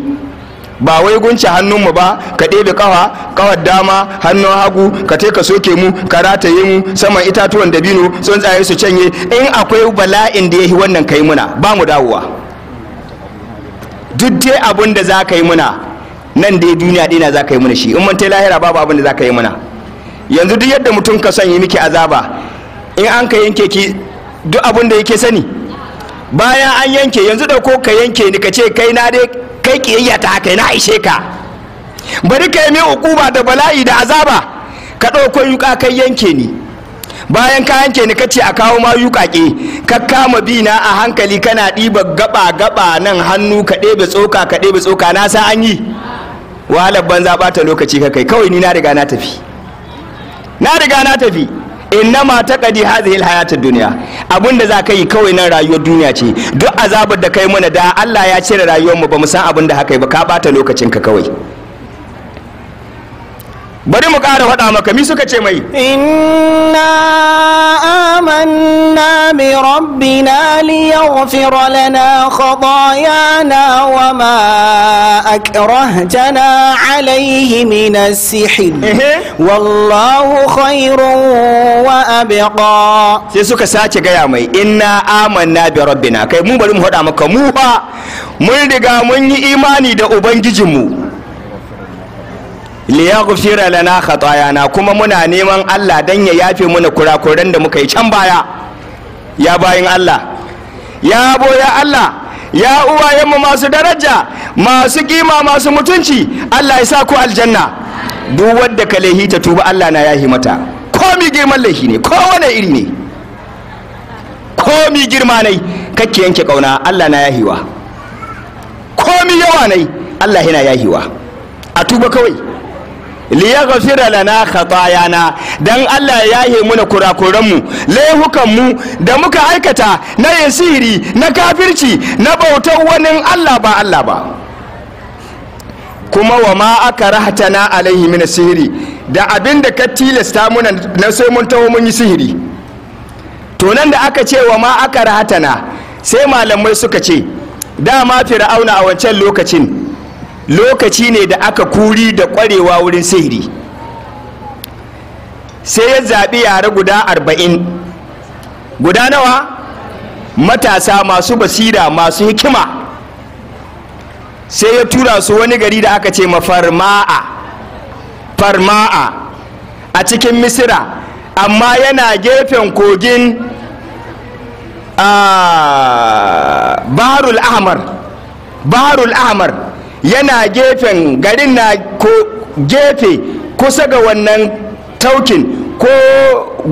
ba wai gunce hannunmu ba ka ɗebe kawa kawar dama hannun hagu ka te ka soke mu ka rataye mu saman itatuwan dabino tsuntsaye su canye in akwai bala'in da ya yi wannan kai muna ba mu dawowa duk dai abin da za ka yi muna nan dai duniya ɗina za ka yi muna shi in mun lahira babu abin da za ka yi muna yanzu duk yadda mutum ka son yi miki azaba in an ka yanke ki duk abin da yake sani bayan an yanke yanzu da ko ka yanke ni ka ce kai na dai kai kiyayya ta haka na aishe ka bari ka yi min da bala'i da azaba ka ɗauko yuka kai yanke ni bayan ka yanke ni ka ce a kawo ma yuƙaƙe ka kama bi na a hankali kana ɗiba gaba gaba nan hannu ka ɗebe tsoka ka ɗebe tsoka na sa an yi wahalar banza ɓata lokaci ka kai kawai ni na riga na tafi na riga na tafi innama kadi hadhihi duniya. dunya da za ka yi kawai nan rayuwar duniya ce duk azabar da kai mana da Allah ya cire rayuwar mu ba mu san abin da haka ba ka bata lokacin ka kawai bari mu ƙara faɗa maka mi suka ce mai inna amanna bi rabbina li yaghfir lana khatayana wa ma akrahtana alayhi min as-sihr wallahu khairun wa abqa sai suka sace gaya mai inna amanna bi rabbina kai mu bari mu faɗa maka mu ba mun riga mun yi imani da ubangijinmu liyaghfira lana khatayana kuma muna neman Allah dan ya yafe muna kurakuran da muka yi can baya ya bayin Allah ya boya Allah ya yamma masu daraja masu kima masu mutunci Allah ya sa ku aljanna duk wadda ka laihi ta tuba Allah na yahi mata komi girman laifi ne ko wani iri ne komi girma ne kake yanke kauna Allah na yahiwa komi yawa ne Allah yana yahiwa a tuba kawai liyaghfira lana khatayana dan Allah ya yahe muna kurakuran mu laihukan mu da muka aikata na yin sihiri na kafirci na bautar wani Allah ba Allah ba kuma wa ma aka rahatana alaihi min sihiri da abin da ka tilasta muna na sai mun taho mun yi sihiri to nan da aka ce wa ma aka rahatana sai malamai suka ce dama fir'auna a wancan lokacin lokaci ne da aka kuri da ƙwarewa wurin sihiri sai ya zaɓi yare guda arba'in guda nawa matasa masu basira masu hikima sai ya tura su wani gari da aka ce mafarma'a farma'a a cikin misira amma yana gefen kogin ah, baharul Ahmad. baharul ahamar yana gefen garin na ko gefe kusa ga wannan taukin ko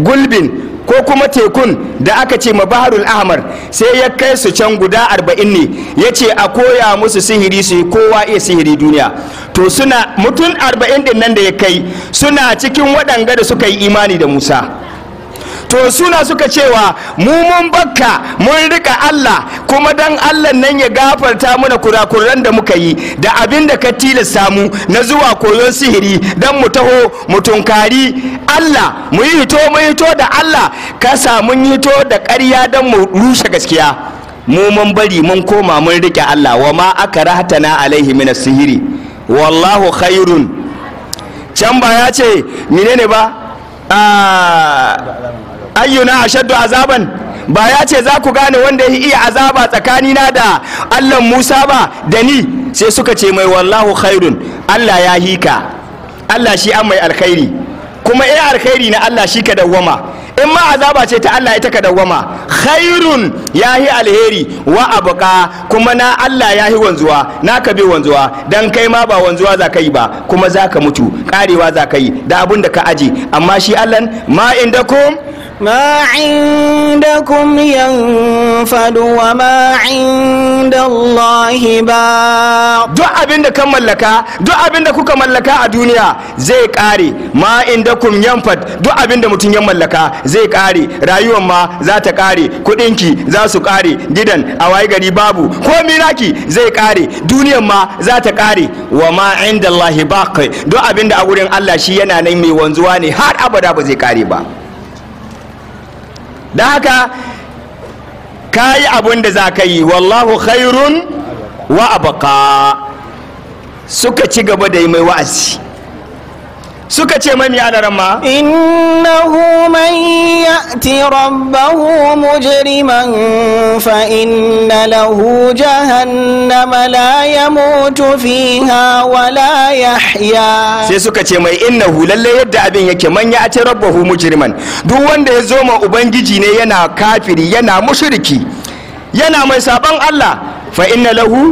gulbin ko kuma tekun da aka ce mabaharul ahmar sai ya kai su can guda arba'in ne ya ce a koya musu sihiri su kowa iya sihiri duniya to suna mutum arba'in din nan da ya kai suna cikin waɗanga da suka yi imani da musa to suna suka cewa mu mun bakka mun rika Allah kuma dan Allah nan ya gafarta mana kurakuran da muka yi da abin da ka tilasta mu na zuwa koyon sihiri dan mu taho mu tunkari Allah mu yi hito mu hito da Allah ka samu hito da ƙarya dan mu rushe gaskiya mu mun bari mun koma mun rike Allah wa ma aka rahatana alaihi min sihiri wallahu khairun can ba ya ce menene ba ah, ayyuna a ashaddu azaban ba ya ce za ku gane wanda ya iya azaba tsakanina da Allah Musa ba da ni sai suka ce mai wallahu khairun Allah ya hika Allah shi an mai alkhairi kuma iya eh, alkhairi na Allah shi ka dawwama in ma azaba ce ta Allah ita ka dawwama khairun yi alheri wa abuka kuma na Allah ya yi wanzuwa na ka bi wanzuwa don kai ma ba wanzuwa za ka yi ba kuma za ka mutu karewa za ka yi da abun da ka aji amma shi Allah ma ما عندكم ينفد وما عند الله باق duk abin da kan mallaka duk abin da kuka mallaka a duniya zai kare ma indakum yanfad duk abin da mutum ya mallaka zai ƙare. rayuwar ma zata ta kare kudinki za su kare gidan a gari babu ko miraki zai kare duniyar ma zata ƙare wa ma ba. Allah baq duk abin da a wurin Allah shi yana nan mai wanzuwa ne har abada ba zai ƙare ba da haka ka yi abin da za ka yi wallahu khairun wa abaka suka ci gaba da yi mai wa'azi suka ce mami a daren ma innahu man ya'ti rabbahu mujriman fa inna lahu jahannama la yamutu fiha wa la yahya sai suka ce mai innahu lalle yadda abin yake man ya'ti rabbahu mujriman duk wanda ya zo ma ubangiji ne yana kafiri yana mushriki yana mai saban Allah fa inna lahu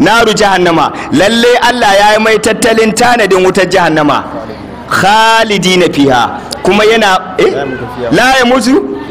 naru jahannama lalle Allah ya yi mai tattalin tanadin wutar jahannama khalidina fiha kuma yana eh la ya mutu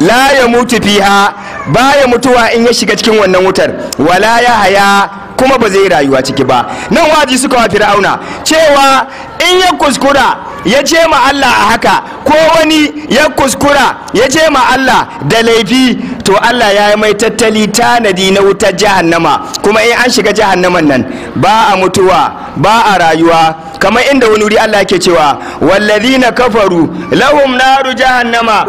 la ya mutu fiha baya mutuwa in ya shiga cikin wannan wutar wala ya haya kuma ba zai rayuwa ciki ba nan waji suka wa fir'auna cewa in ya kuskura ya ce ma Allah a haka ko wani ya kuskura ya ce ma Allah da laifi to Allah ya yi mai tattali tanadi na wutar jahannama kuma in an shiga jahannaman nan ba a mutuwa ba a rayuwa kamar inda wani wuri Allah yake cewa wallazina kafaru lahum naru jahannama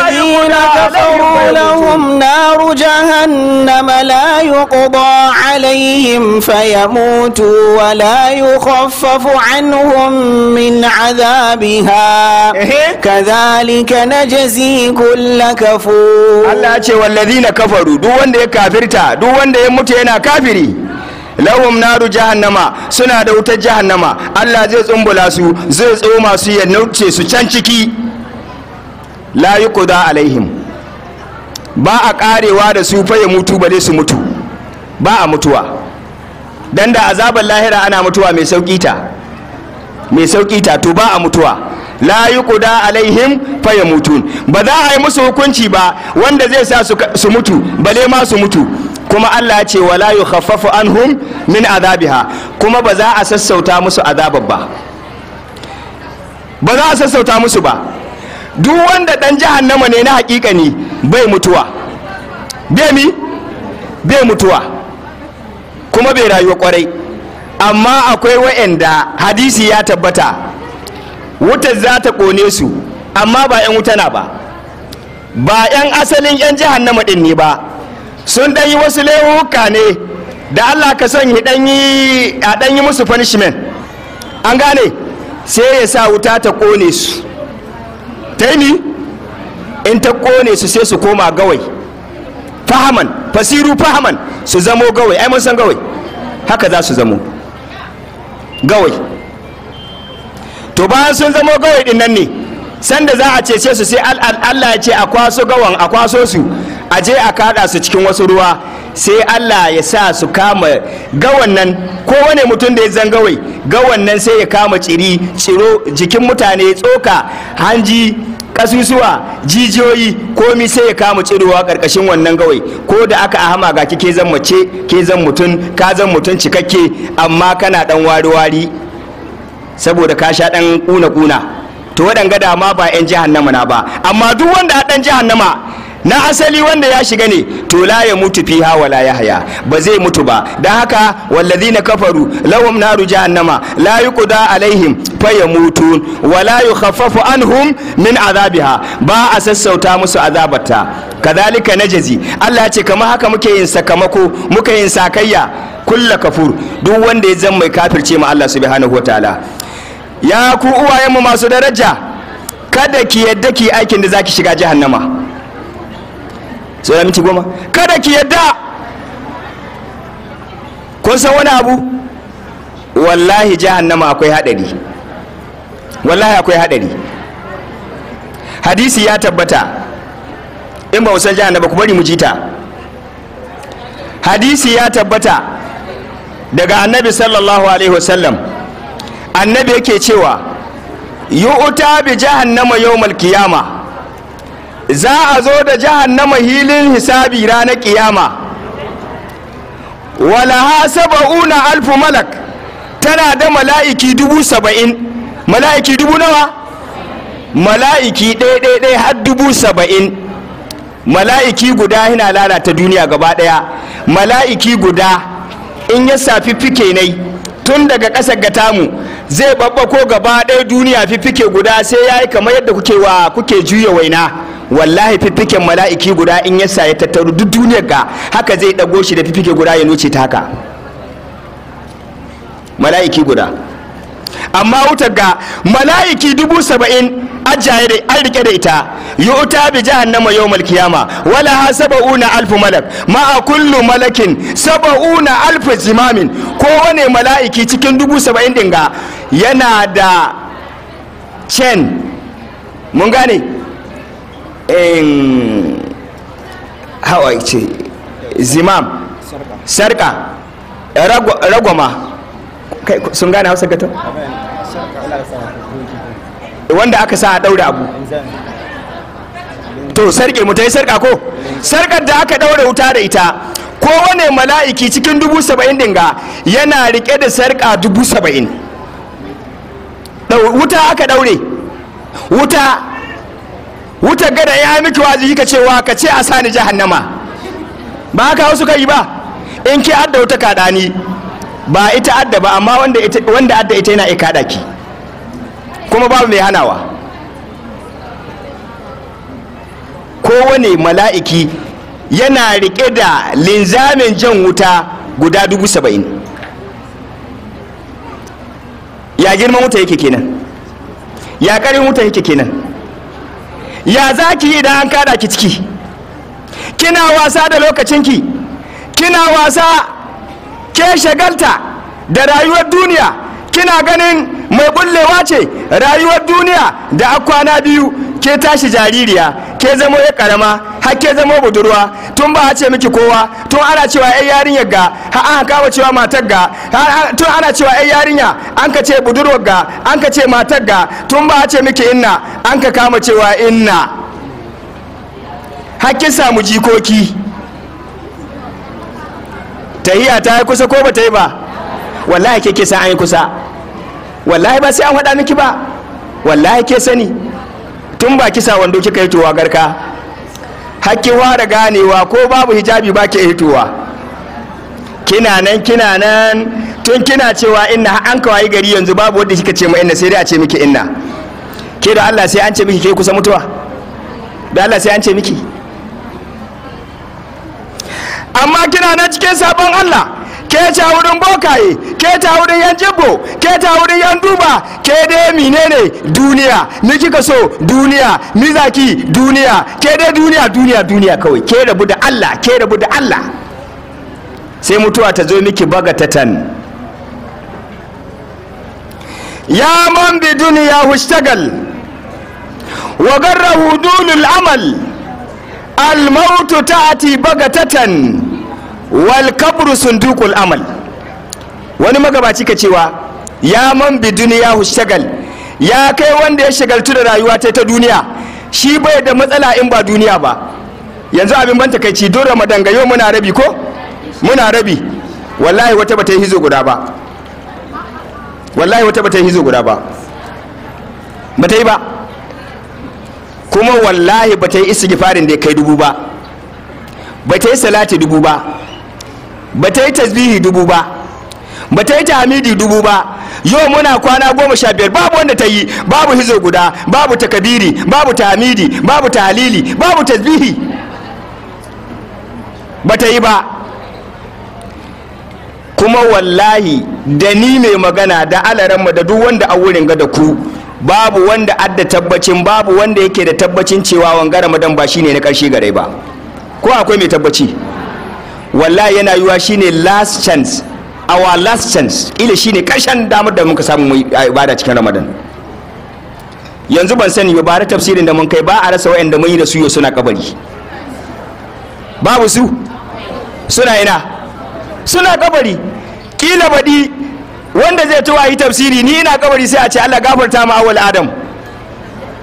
الذين كفروا لهم نار جهنم لا يقضى عليهم فيموتوا ولا يخفف عنهم من عذابها كذلك نجزي كل كفور الله ce wallazina kafaru duk wanda ya kafirta duk wanda ya mutu yana kafiri lahum naru jahannama suna da wutar jahannama Allah zai tsumbula su zai tsoma su ya nauce su can ciki la kuda alaihim ba a karewa da su faye mutu bale su mutu ba a mutuwa dan da azabar lahira ana mutuwa mai sauki ta mai sauki ta to ba a mutuwa la kuda alaihim faye mutu ba za a yi musu hukunci ba wanda zai sa su mutu bale ma su mutu kuma Allah ya ce wala an anhum min azabiha kuma ba za a sassauta musu azabar ba ba za a sassauta musu ba duk wanda dan jahannama ne na hakika ne bai mutuwa bai mi bai mutuwa kuma bai rayuwa kwarai amma akwai wa'anda hadisi ya tabbata wutar za ta kone su amma ba 'yan wuta na ba ba 'yan asalin 'yan jahannama din ne ba sun ɗan yi wasu laifuka ne da allah ka son a ɗan yi musu punishment an gane sai ya sa wuta ta kone su taimi in ta kone su sai su koma gawai fahaman fasiru fahaman su zamo gawai ai mun san gawai haka za su zamo gawai to bayan sun zamo gawai din nan ne sanda za a ce sai su sai Allah ya ce a kwaso gawan a kwaso su a je a kada su cikin wasu ruwa sai Allah ya sa su kama gawan nan ko wane mutum da ya zangawai gawan nan sai ya kama ciri ciro jikin mutane tsoka hanji kasusuwa jijiyoyi komi sai ya kama cirowa karkashin wannan gawai ko da aka hama ga ke zan mace ke zan mutum ka zan mutum cikakke amma kana dan wari wari saboda ka sha dan kuna kuna to waɗanga dama ba 'yan jahannama na ba amma duk wanda a ɗan jahannama na asali wanda ya shiga ne to la ya mutu fi fiha wala yahya ba zai mutu ba dan haka wallazina kafaru lahum naru jahannama la yuqda alaihim mutu. wala yukhaffafu anhum min azabiha ba a sassauta musu azabarta kadhalika najazi Allah ya ce kama haka muke yin sakamako muke yin sakayya kulla kafur duk wanda ya zama mai kafirce ma Allah subhanahu wataala ya ku uwayenmu masu daraja kada ki yadda ki aikin da zaki shiga jahannama sai minti goma kada ki yadda kun san wani abu wallahi jahannama akwai hadari wallahi akwai hadari hadisi ya tabbata in ba san jahannama ku bari mu jita hadisi ya tabbata daga annabi sallallahu alaihi wasallam annabi yake cewa yi'uta bi jahannama yawmal malkiyama za a zo da jahannama hilin hisabi ranar kiyama walaha Una alfu malak tana da mala'iki dubu saba'in mala'iki dubu nawa mala'iki ɗaiɗaiɗai har dubu saba'in mala'iki guda yana lalata duniya gaba ɗaya mala'iki guda in ya safi fike nai tun daga ƙasar gatamu zai ko gaba ɗaya duniya fifike guda sai ya yi kamar yadda kuke wa kuke juya waina wallahi fiffiken mala'iki guda in sa ya tattaru duk duniyar ga haka zai dago shi da fiffike guda ya nuce ta haka mala'iki guda amma wutar ga mala'iki dubu saba'in ajaye da an rike da ita uta bi jahannama yawmal qiyama wala ha sab'una alfu malak ma kullu malakin sab'una alfu zimamin ko wane mala'iki cikin dubu saba'in dinga yana da cen, mun gane in hawa ce zimam sarka ragwama sun gane hausa gato wanda aka sa a ɗaure abu to sarke mu ta yi sarka ko sarkar da aka ɗaure wuta da ita ko wane mala'iki cikin dubu saba'in dinga yana rike da sarka dubu saba'in wuta aka ɗaure wuta wutar gada ya miki wazi ka cewa ka ce a sani jahannama ba haka wasu kai ba in ke adda wuta kaɗa ni ba ita adda ba amma wanda adda ita yana ikada ki kuma babu mai hanawa kowane mala'iki yana rike da linzamin jan wuta guda dubu saba'in ya girman wuta yake kenan ya ƙarin wuta yake kenan ya za ki yi da an kada ki ciki kina wasa da lokacinki kina wasa ke shagalta da rayuwar duniya kina ganin mai bullewa ce rayuwar duniya da akwana biyu ke tashi jaririya ke zamo ya karama har ke zamo budurwa tun ba a ce miki kowa tun ana cewa ai yarinya ga har an kawo cewa matar ga tun ana cewa ai yarinya an ka ce budurwar ga an ka ce matar ga tun ba a ce miki inna an ka kama cewa inna hakkin samu jikoki tahiya ta yi kusa ko ba ta yi ba wallahi ke kisa an yi kusa wallahi ba sai an faɗa miki ba wallahi ke sani tun ba kisa wando kika yi towa garka hakki fara ganewa ko babu hijabi ba ki hitowa kina nan kina nan tun kina cewa inna an kawai gari yanzu babu wanda kika ce mu inna sai dai a ce miki inna ke da Allah sai an ce miki ke kusa mutuwa da Allah sai an ce miki amma kina nan cikin sabon Allah ke ta wurin bokaye ke ta wurin yan jibbo ke ta wurin yan duba ke dai menene duniya ni kika so duniya mizaki duniya ke dai duniya duniya duniya kawai ke rabu da Allah ke rabu da Allah sai mutuwa ta zo miki bagatatan ya man bi duniya hushtagal wa garrahu dunul amal al mautu ta'ati bagatatan wal kabru sundukul amal wani magabaci ka cewa ya man bi duniya shagal ya kai wanda ya shagaltu da rayuwa ta ta duniya shi bai da matsala in ba duniya ba yanzu abin ban takaici ci dora madangayo muna rabi ko muna rabi wallahi wata bata yi hizo guda ba wallahi wata bata yi hizo guda ba bata yi ba kuma wallahi bata yi istighfarin da kai dubu ba bata yi salati dubu ba ba ta yi tasbihi dubu ba ba ta yi tahmidi dubu ba yau muna kwana goma sha biyar babu wanda ta yi babu hizo guda babu takabiri babu tahmidi babu tahalili babu tasbihi ba ta yi ba kuma wallahi da ni mai magana da alaranmu da duk wanda a wurin ga da ku babu wanda adda tabbacin babu wanda yake da tabbacin cewa wangara madan ba shine na karshe gare ba ko akwai mai tabbaci wallahi yana yiwuwa shine last chance our last chance ila shine karshen damar da muka samu mu ibada cikin ramadan yanzu ban sani ba da tafsirin da mun kai ba a rasa wa'anda mun yi da su yau suna kabari babu su suna ina suna kabari kila baɗi wanda zai tuwa yi tafsiri ni ina kabari sai a ce Allah gafarta ma awal adam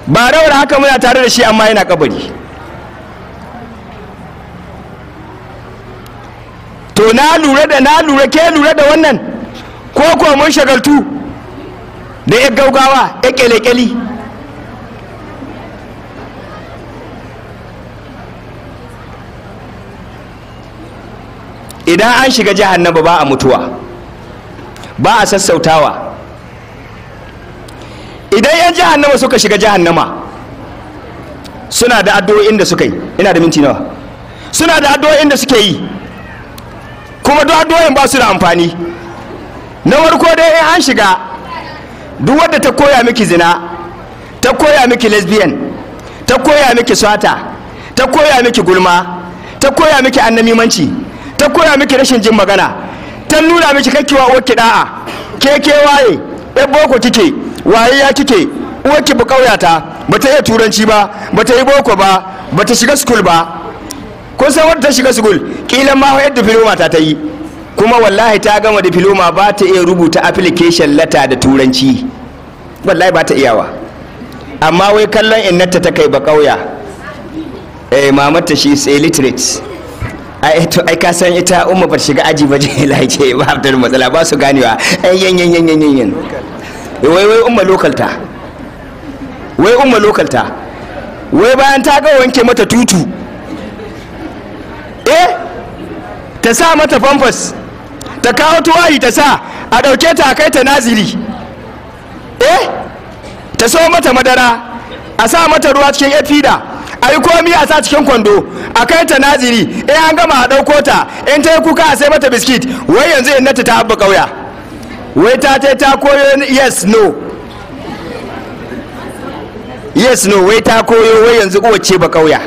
ba rawar haka muna tare da shi amma yana kabari to na lura da na lura ke lura da wannan ko ko mun shagaltu da ya gaugawa ya kyalekyali idan an shiga jahannaba ba a mutuwa ba a sassautawa idan 'yan jahannama suka shiga jahannama suna da addu'o'in da suka yi ina da minti nawa suna da addu'o'in da suke yi kuma duk addu'o'in ba su da amfani na warko dai in an shiga duk wadda ta koya miki zina ta koya miki lesbian ta koya miki swata ta koya miki gulma ta koya miki annamimanci ta koya miki rashin jin magana ta nuna miki kakkiwa uwarki da'a ke ke waye ɗan boko kike waye ya kike uwarki bu ƙauyata ba ta iya turanci ba ba ta yi boko ba ba ta shiga school ba kun san wadda ta shiga sukul kila ma yadda filoma ta ta yi kuma wallahi ta gama da filoma ba ta iya rubuta application lata da turanci wallahi ba ta iyawa amma wai kallon innata ta kai ba kauya eh mamata shi is literate. ai to ai ka san ita umma bar shiga aji ba je ce ba ta matsala ba su ganewa ai yan yan yan yan yan eh, wai wai umma local ta wai umma local ta wai bayan ta ga wanke mata tutu eh ta sa mata famfas ta kawo tuwayi ta sa a ɗauke ta kai ta naziri eh ta so mata madara a sa mata ruwa cikin efida a yi komi a sa cikin kwando a kai ta naziri eh an gama a ɗauko ta in ta yi kuka a sai mata biskit wai yanzu nata ta abba ƙauya wai ta ta ta koyo yes no yes no wai ta koyo wai yanzu kowace ba ƙauya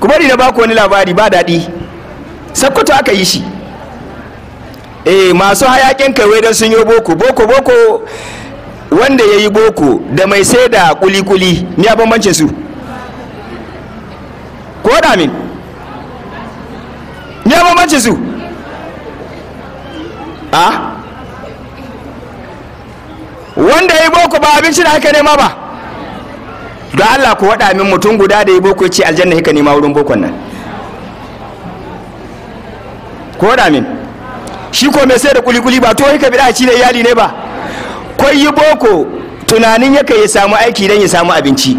ku bari da baku wani labari ba daɗi sakkwato aka yi shi E masu hayakin kai wai don sun yi boko boko boko wanda ya yi boko da mai sai da kuli-kuli ni a bambancin su ko da min ni a bambancin su a ah? wanda ya yi boko ba abinci da haka nema ba Da Allah ku waɗa min mutum guda da yi boko ce aljanna hika nema wurin bokon nan ku waɗa min shi ko mai sai da kulikuli ba to hika bida ci da iyali ne ba kwai yi boko tunanin yaka ya samu aiki don ya samu abinci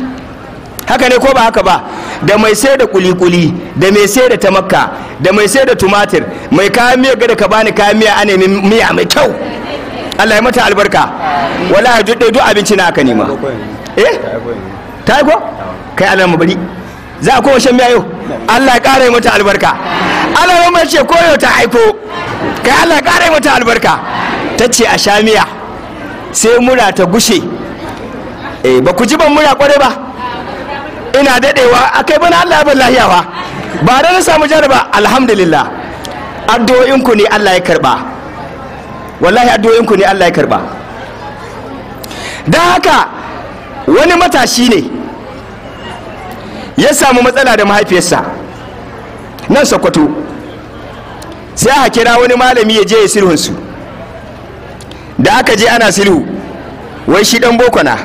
haka ne ko ba haka ba da mai sai da kulikuli da mai sai da tamakka da mai sai da tumatir mai kayan miya ga ka bani kayan miya nemi miya mai kyau Allah ya mata albarka wallahi duk duk abinci na aka nema eh? ta yi ko kai Allah mu bari za a kowa shan miya yau Allah ya ƙara mata albarka Allah ya mace koyo ta aiko kai Allah ya ƙara mata albarka ta ce a sha miya sai mura ta gushe eh ba ku ji ban mura kware ba ina dadewa akai bana Allah ya ban lahiya ba ba da na samu jaraba alhamdulillah addu'o'inku ne Allah ya karba wallahi ku ne Allah ya karba don haka wani matashi ne ya samu matsala da mahaifiyarsa nan sokoto sai aka kira wani malami ya je ya sulhunsu da aka je ana sulhu wai shi dan boko na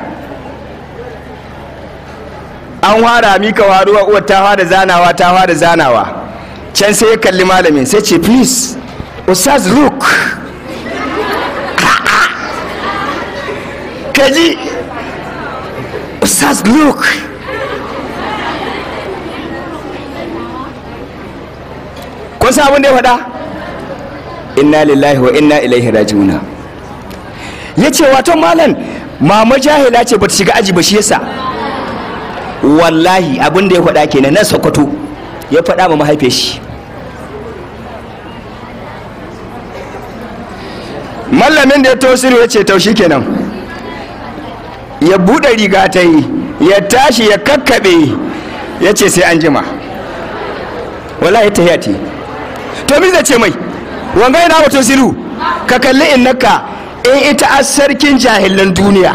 an hara mika waruwa uwar ta fara zanawa ta fara zanawa can sai ya kalli malamin sai ce please ustaz ka kaji says, look. Kun san abin da ya faɗa? Inna lillahi wa inna ilaihi raji'una. Ya ce wato malam mama jahila ce bata shiga aji ba shi yasa. Wallahi abin da ya faɗa kenan nan Sokoto ya faɗa ma mahaifiyar shi. Mallamin da ya tausiri ya ce taushi kenan. ya buɗe riga ta yi ya tashi ya kakkaɓe ya ce sai an jima wallahi ta yati to mi ce mai wanga ina wato siru ka kalli innaka in ita a sarkin jahilan duniya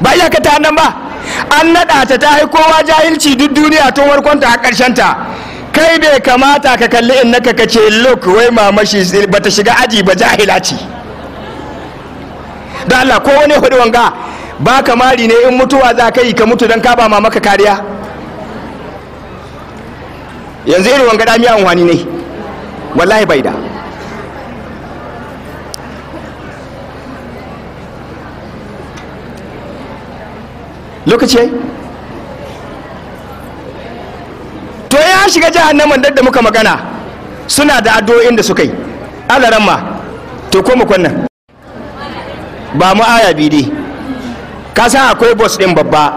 ba iya ka ta nan ba an naɗa ta ta kowa jahilci duk duniya tun warkonta a ta. kai bai kamata ka kalli innaka ka ce look wai mamashi bata shiga aji ba jahila ce da Allah ko wani hudu wanga ba kamari ne in mutuwa za ka yi ka mutu don ka ba maka kariya yanzu irin wanga dami amfani ne wallahi bai da lokaci to ya shiga jahannaman da muka magana suna da addu'o'in da suka yi alaramma to ko mu kwannan ba mu aya bidi ka san akwai bus din babba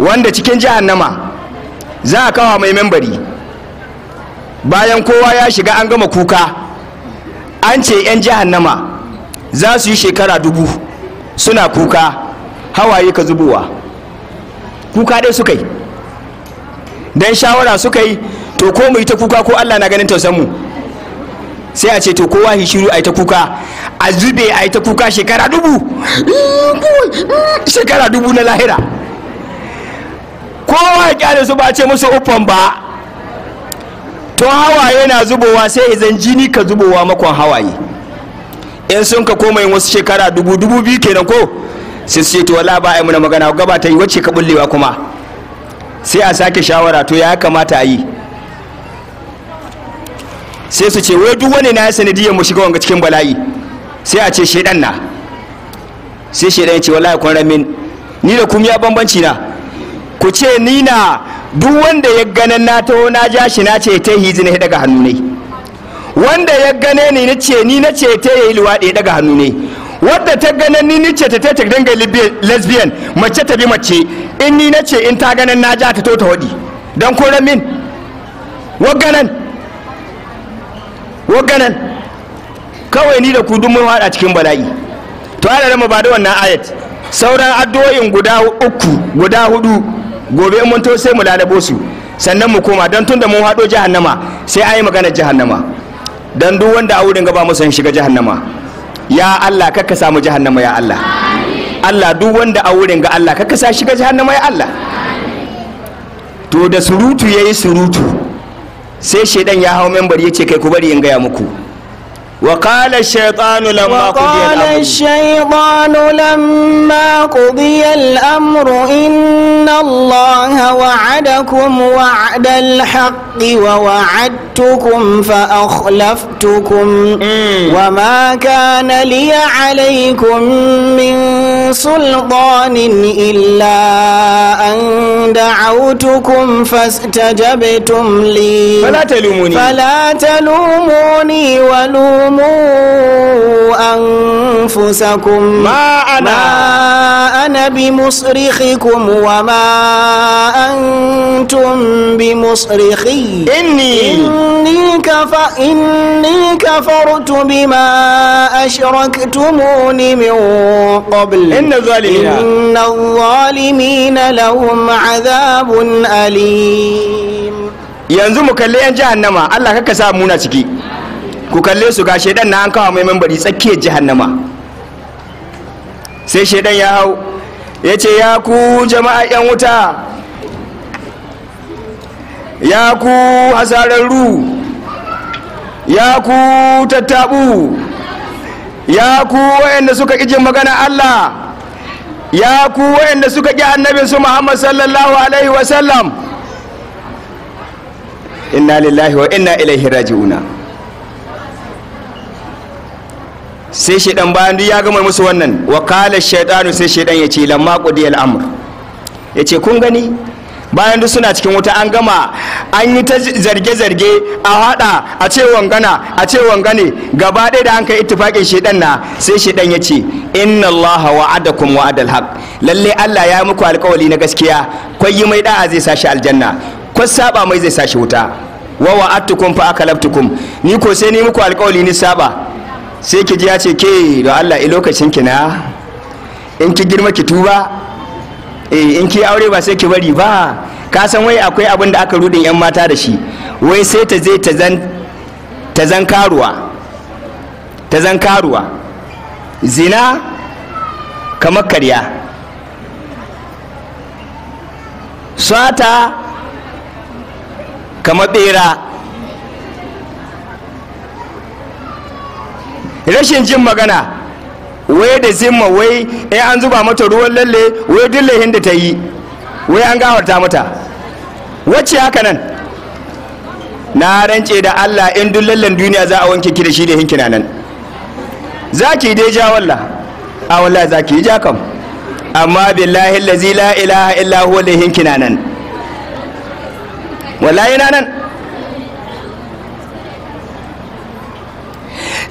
wanda cikin jahannama za a kawo mai membari bayan kowa ya shiga an gama kuka an ce 'yan jahannama za su yi shekara dubu suna kuka hawaye ka zubowa kuka dai suka yi don shawara suka yi to ko mu yi ta kuka ko allah na ganin tausanmu mu sai a ce to kowa shi shiru a ta kuka a zube a ta kuka shekara dubu shekara dubu na lahira kowa ya kyale su ba ce musu uffan ba to hawaye na zubowa sai izan jini ka zubowa makon hawaye in sun ka koma yin wasu shekara dubu dubu biyu kenan ko sai su ce to wala ba a yi muna magana gaba ta yi wacce ka bullewa kuma sai a sake shawara to ya kamata a yi sai su ce wai duk wani na ya sanadiyar mu shiga wanga cikin bala'i sai a ce shaidan na sai shaidan ya ce wallahi kun ramin ni da kuma ya bambanci na ku ce ni na duk wanda ya ganin na taho na ja shi na ce ta hizi na daga hannu ne wanda ya gane ni na ce ni na ce ta yi luwaɗe daga hannu ne wadda ta ganin ni ni ce ta ta dinga lesbian mace ta bi mace in ni na ce in ta ganin na ja ta to ta hodi don ko ramin ganan. waganan kawai ni da ku dumin mun hada cikin bala'i to ana rama ba da wannan ayat sauran addu'o'in guda uku guda hudu gobe mun to sai mu lalabo su sannan mu koma don tunda mun hado jahannama sai ayi magana jahannama dan duk wanda a wurin gaba musan shiga jahannama ya Allah kakka samu jahannama ya Allah Allah duk wanda a wurin ga Allah kakka sa shiga jahannama ya Allah to da surutu yayi surutu sai shaidan ya hau membari ya ce kai ku bari in gaya muku وقال الشيطان لما قضي الأمر وقال الشيطان لما قضي الأمر إن الله وعدكم وعد الحق ووعدتكم فأخلفتكم وما كان لي عليكم من سلطان إلا أن دعوتكم فاستجبتم لي فلا تلوموني فلا تلوموني ولوموني أنفسكم ما أنا ما أنا بمصرخكم وما أنتم بمصرخي إني إني كف... إني كفرت بما أشركتمون من قبل إن الظالمين إن الظالمين لهم عذاب أليم yanzu mu جهنم الله jahannama Allah kaka ciki ku kalle su ga shaidan na an kawo mai membari tsakiyar jahannama sai shaidan ya hau ya ce ya ku jama'a 'yan wuta ya ku hasararru ya ku tattabu ya ku wayanda suka ƙijin magana Allah ya ku wayanda suka ƙi annabinsu Muhammad sallallahu alaihi wasallam inna lillahi wa inna ilaihi raji'una sai shaidan bayan duk ya gama musu wannan wa kala shaidanu sai shaidan ya ce lamma qudi al'amr ya ce kun gani bayan duk suna cikin wuta an gama an yi ta zarge-zarge a hada a ce wangana a ce wangane gaba ɗaya da an kai ittifaƙin shaidan na sai shaidan ya ce inna Allah wa'adakum wa'adal haq lalle Allah ya muku alƙawali na gaskiya kwai mai da'a zai sashi aljanna kwai saba mai zai sashi wuta wa wa'adtukum fa ni ko sai ni muku alƙawali ni saba sai ki ji ya ce ke da Allah i eh, lokacin ki na in ki girma ki tuba eh in ki aure ba sai ki bari ba ka san wai akwai abin da aka rudin yan mata da shi wai sai ta zai zan ta zan karuwa ta zan karuwa zina kamar karya sata kamar bera rashin jin magana wai da zimma wai ya an zuba mata ruwan lalle wai duk da ta yi wai an gawarta mata wacce haka nan na rance da allah in duk lallen duniya za a wanke ki da shi da hinkina nan za ki dai ja walla a walla za ki ja kam amma billahi lazi la ilaha illa huwa laihin kina nan wallahi na nan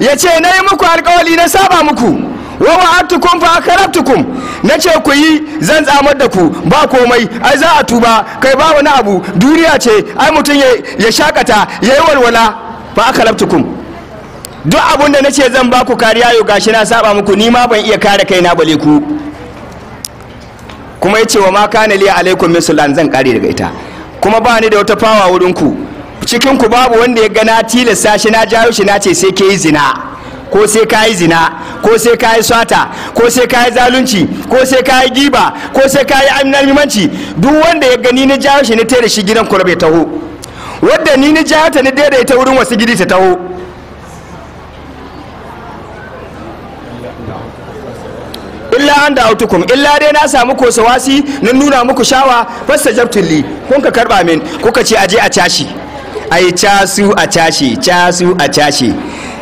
ya ce na yi muku alkawali na saba muku wa wa'atukum fa akrabtukum na ce ku yi zan tsamar da ku ba komai ai za a tuba kai ba wani abu duniya ce ai mutum ya shakata ya yi walwala fa akrabtukum duk abun da na ce zan ba ku kariya yau gashi na saba muku ni ma ban iya kare kaina bale ku kuma ya ce wa ma kana liya alaikum min zan kare daga ita kuma ba ni da wata fawa wurin ku cikin ku babu wanda ya gana tilasta shi na jayo shi na ce sai ke yi zina ko sai ka yi zina ko sai ka yi swata ko sai ka yi zalunci ko sai ka yi giba ko sai ka yi aminalimanci duk wanda ya gani na jawo shi na tere shi gidan kurbe taho wadda ni na jawo ta na daidaita wurin wasu gidi ta taho illa an da autukum illa dai na samu kosawasi na nuna muku shawa fasta jabtulli kun ka karba min kuka ce aje a cashi ai casu a cashe casu a cashe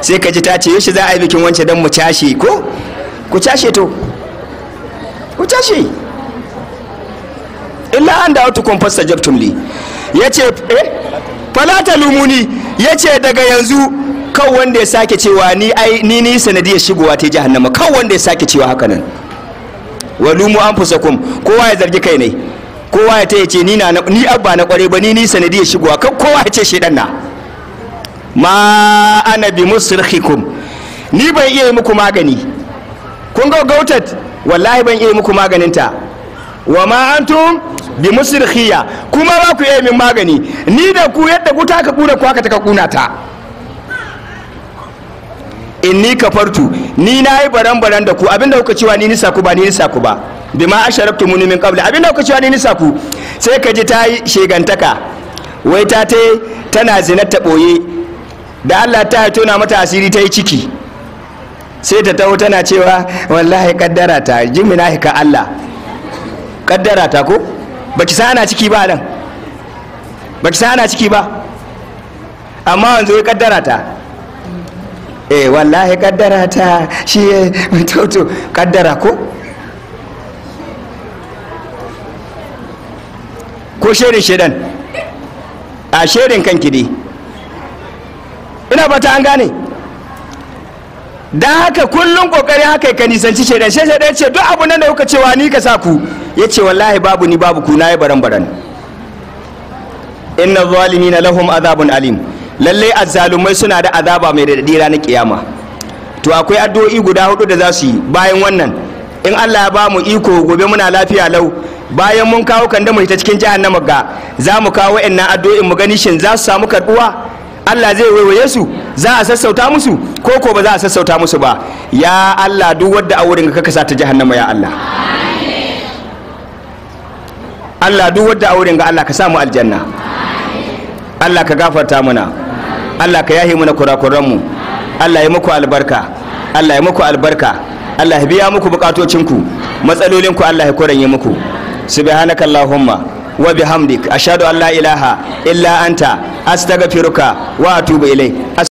sai ka ji ta ce yaushe za a yi bikin wance don mu cashe ko ku cashe to ku cashe illa an da wata kwamfasta, fasta jabtumli ya ce eh, falata lumuni ya ce daga yanzu kan wanda ya sake cewa ni ni ni sanadiyar shigowa ta jihannama kan wanda ya sake cewa haka nan wa lumu anfusakum kowa ya zargi kai ne kowa ya ta ya ce ni na ni abba na kware ba ni ni sanadiyar shigowa kan kowa ya ce shedan na ma ana bi musrikhikum ni ban iya yi muku magani kun ga gautat wallahi ban iya yi muku maganinta wa ma antum bi musrikhiya kuma ba ku iya min magani ni da ku yadda ku ta ka kuna ku haka ta ka kuna ta ni kafartu ni na yi baran baran da ku abinda kuka cewa ni nisa ku ba ni nisa ku ba bima asharabtu muni min qabli abin da kuka cewa ne nisa ku sai ka ji ta yi shegantaka wai ta te tana zinar ta boye da Allah ta yi tona mata asiri ta yi ciki sai ta taho tana cewa wallahi kaddara ta jimina ka Allah kaddara ta ko ba ki ana ciki ba nan Ba ki ana ciki ba amma wanzu ya kaddara ta eh wallahi kaddara ta shi ya toto kaddara ko ko shirin shedan a shirin kanki dai ina fata an gane don haka kullum kokarin haka ka nisanci shedan shi shedan ce duk abu nan da kuka cewa ni ka sa ku ya ce wallahi babu ni babu ku na yi baran baran inna na lahum azabun alim lallai azzalumai suna da azaba mai daɗi ranar kiyama to akwai addu'o'i guda hudu da za su yi bayan wannan in Allah ya ba mu iko gobe muna lafiya lau bayan mun kawo da mu ta cikin jahannama ga za mu kawo wa'annan addu'o'in mu gani shin za su samu karbuwa Allah zai waiwaye su za a sassauta musu ko ko ba za a sassauta musu ba ya Allah duk wadda a wurin ka kasa ta jahannama ya Allah Allah duk wadda a wurin ga Allah ka samu aljanna Allah ka gafarta muna Allah ka yahi muna kurakuranmu Allah ya muku albarka Allah ya muku albarka Allah ya biya muku bukatocinku matsalolinku Allah ya koranye muku allahumma wa bihamdik ashhadu an la ilaha illa anta astaghfiruka wa atubu ilaik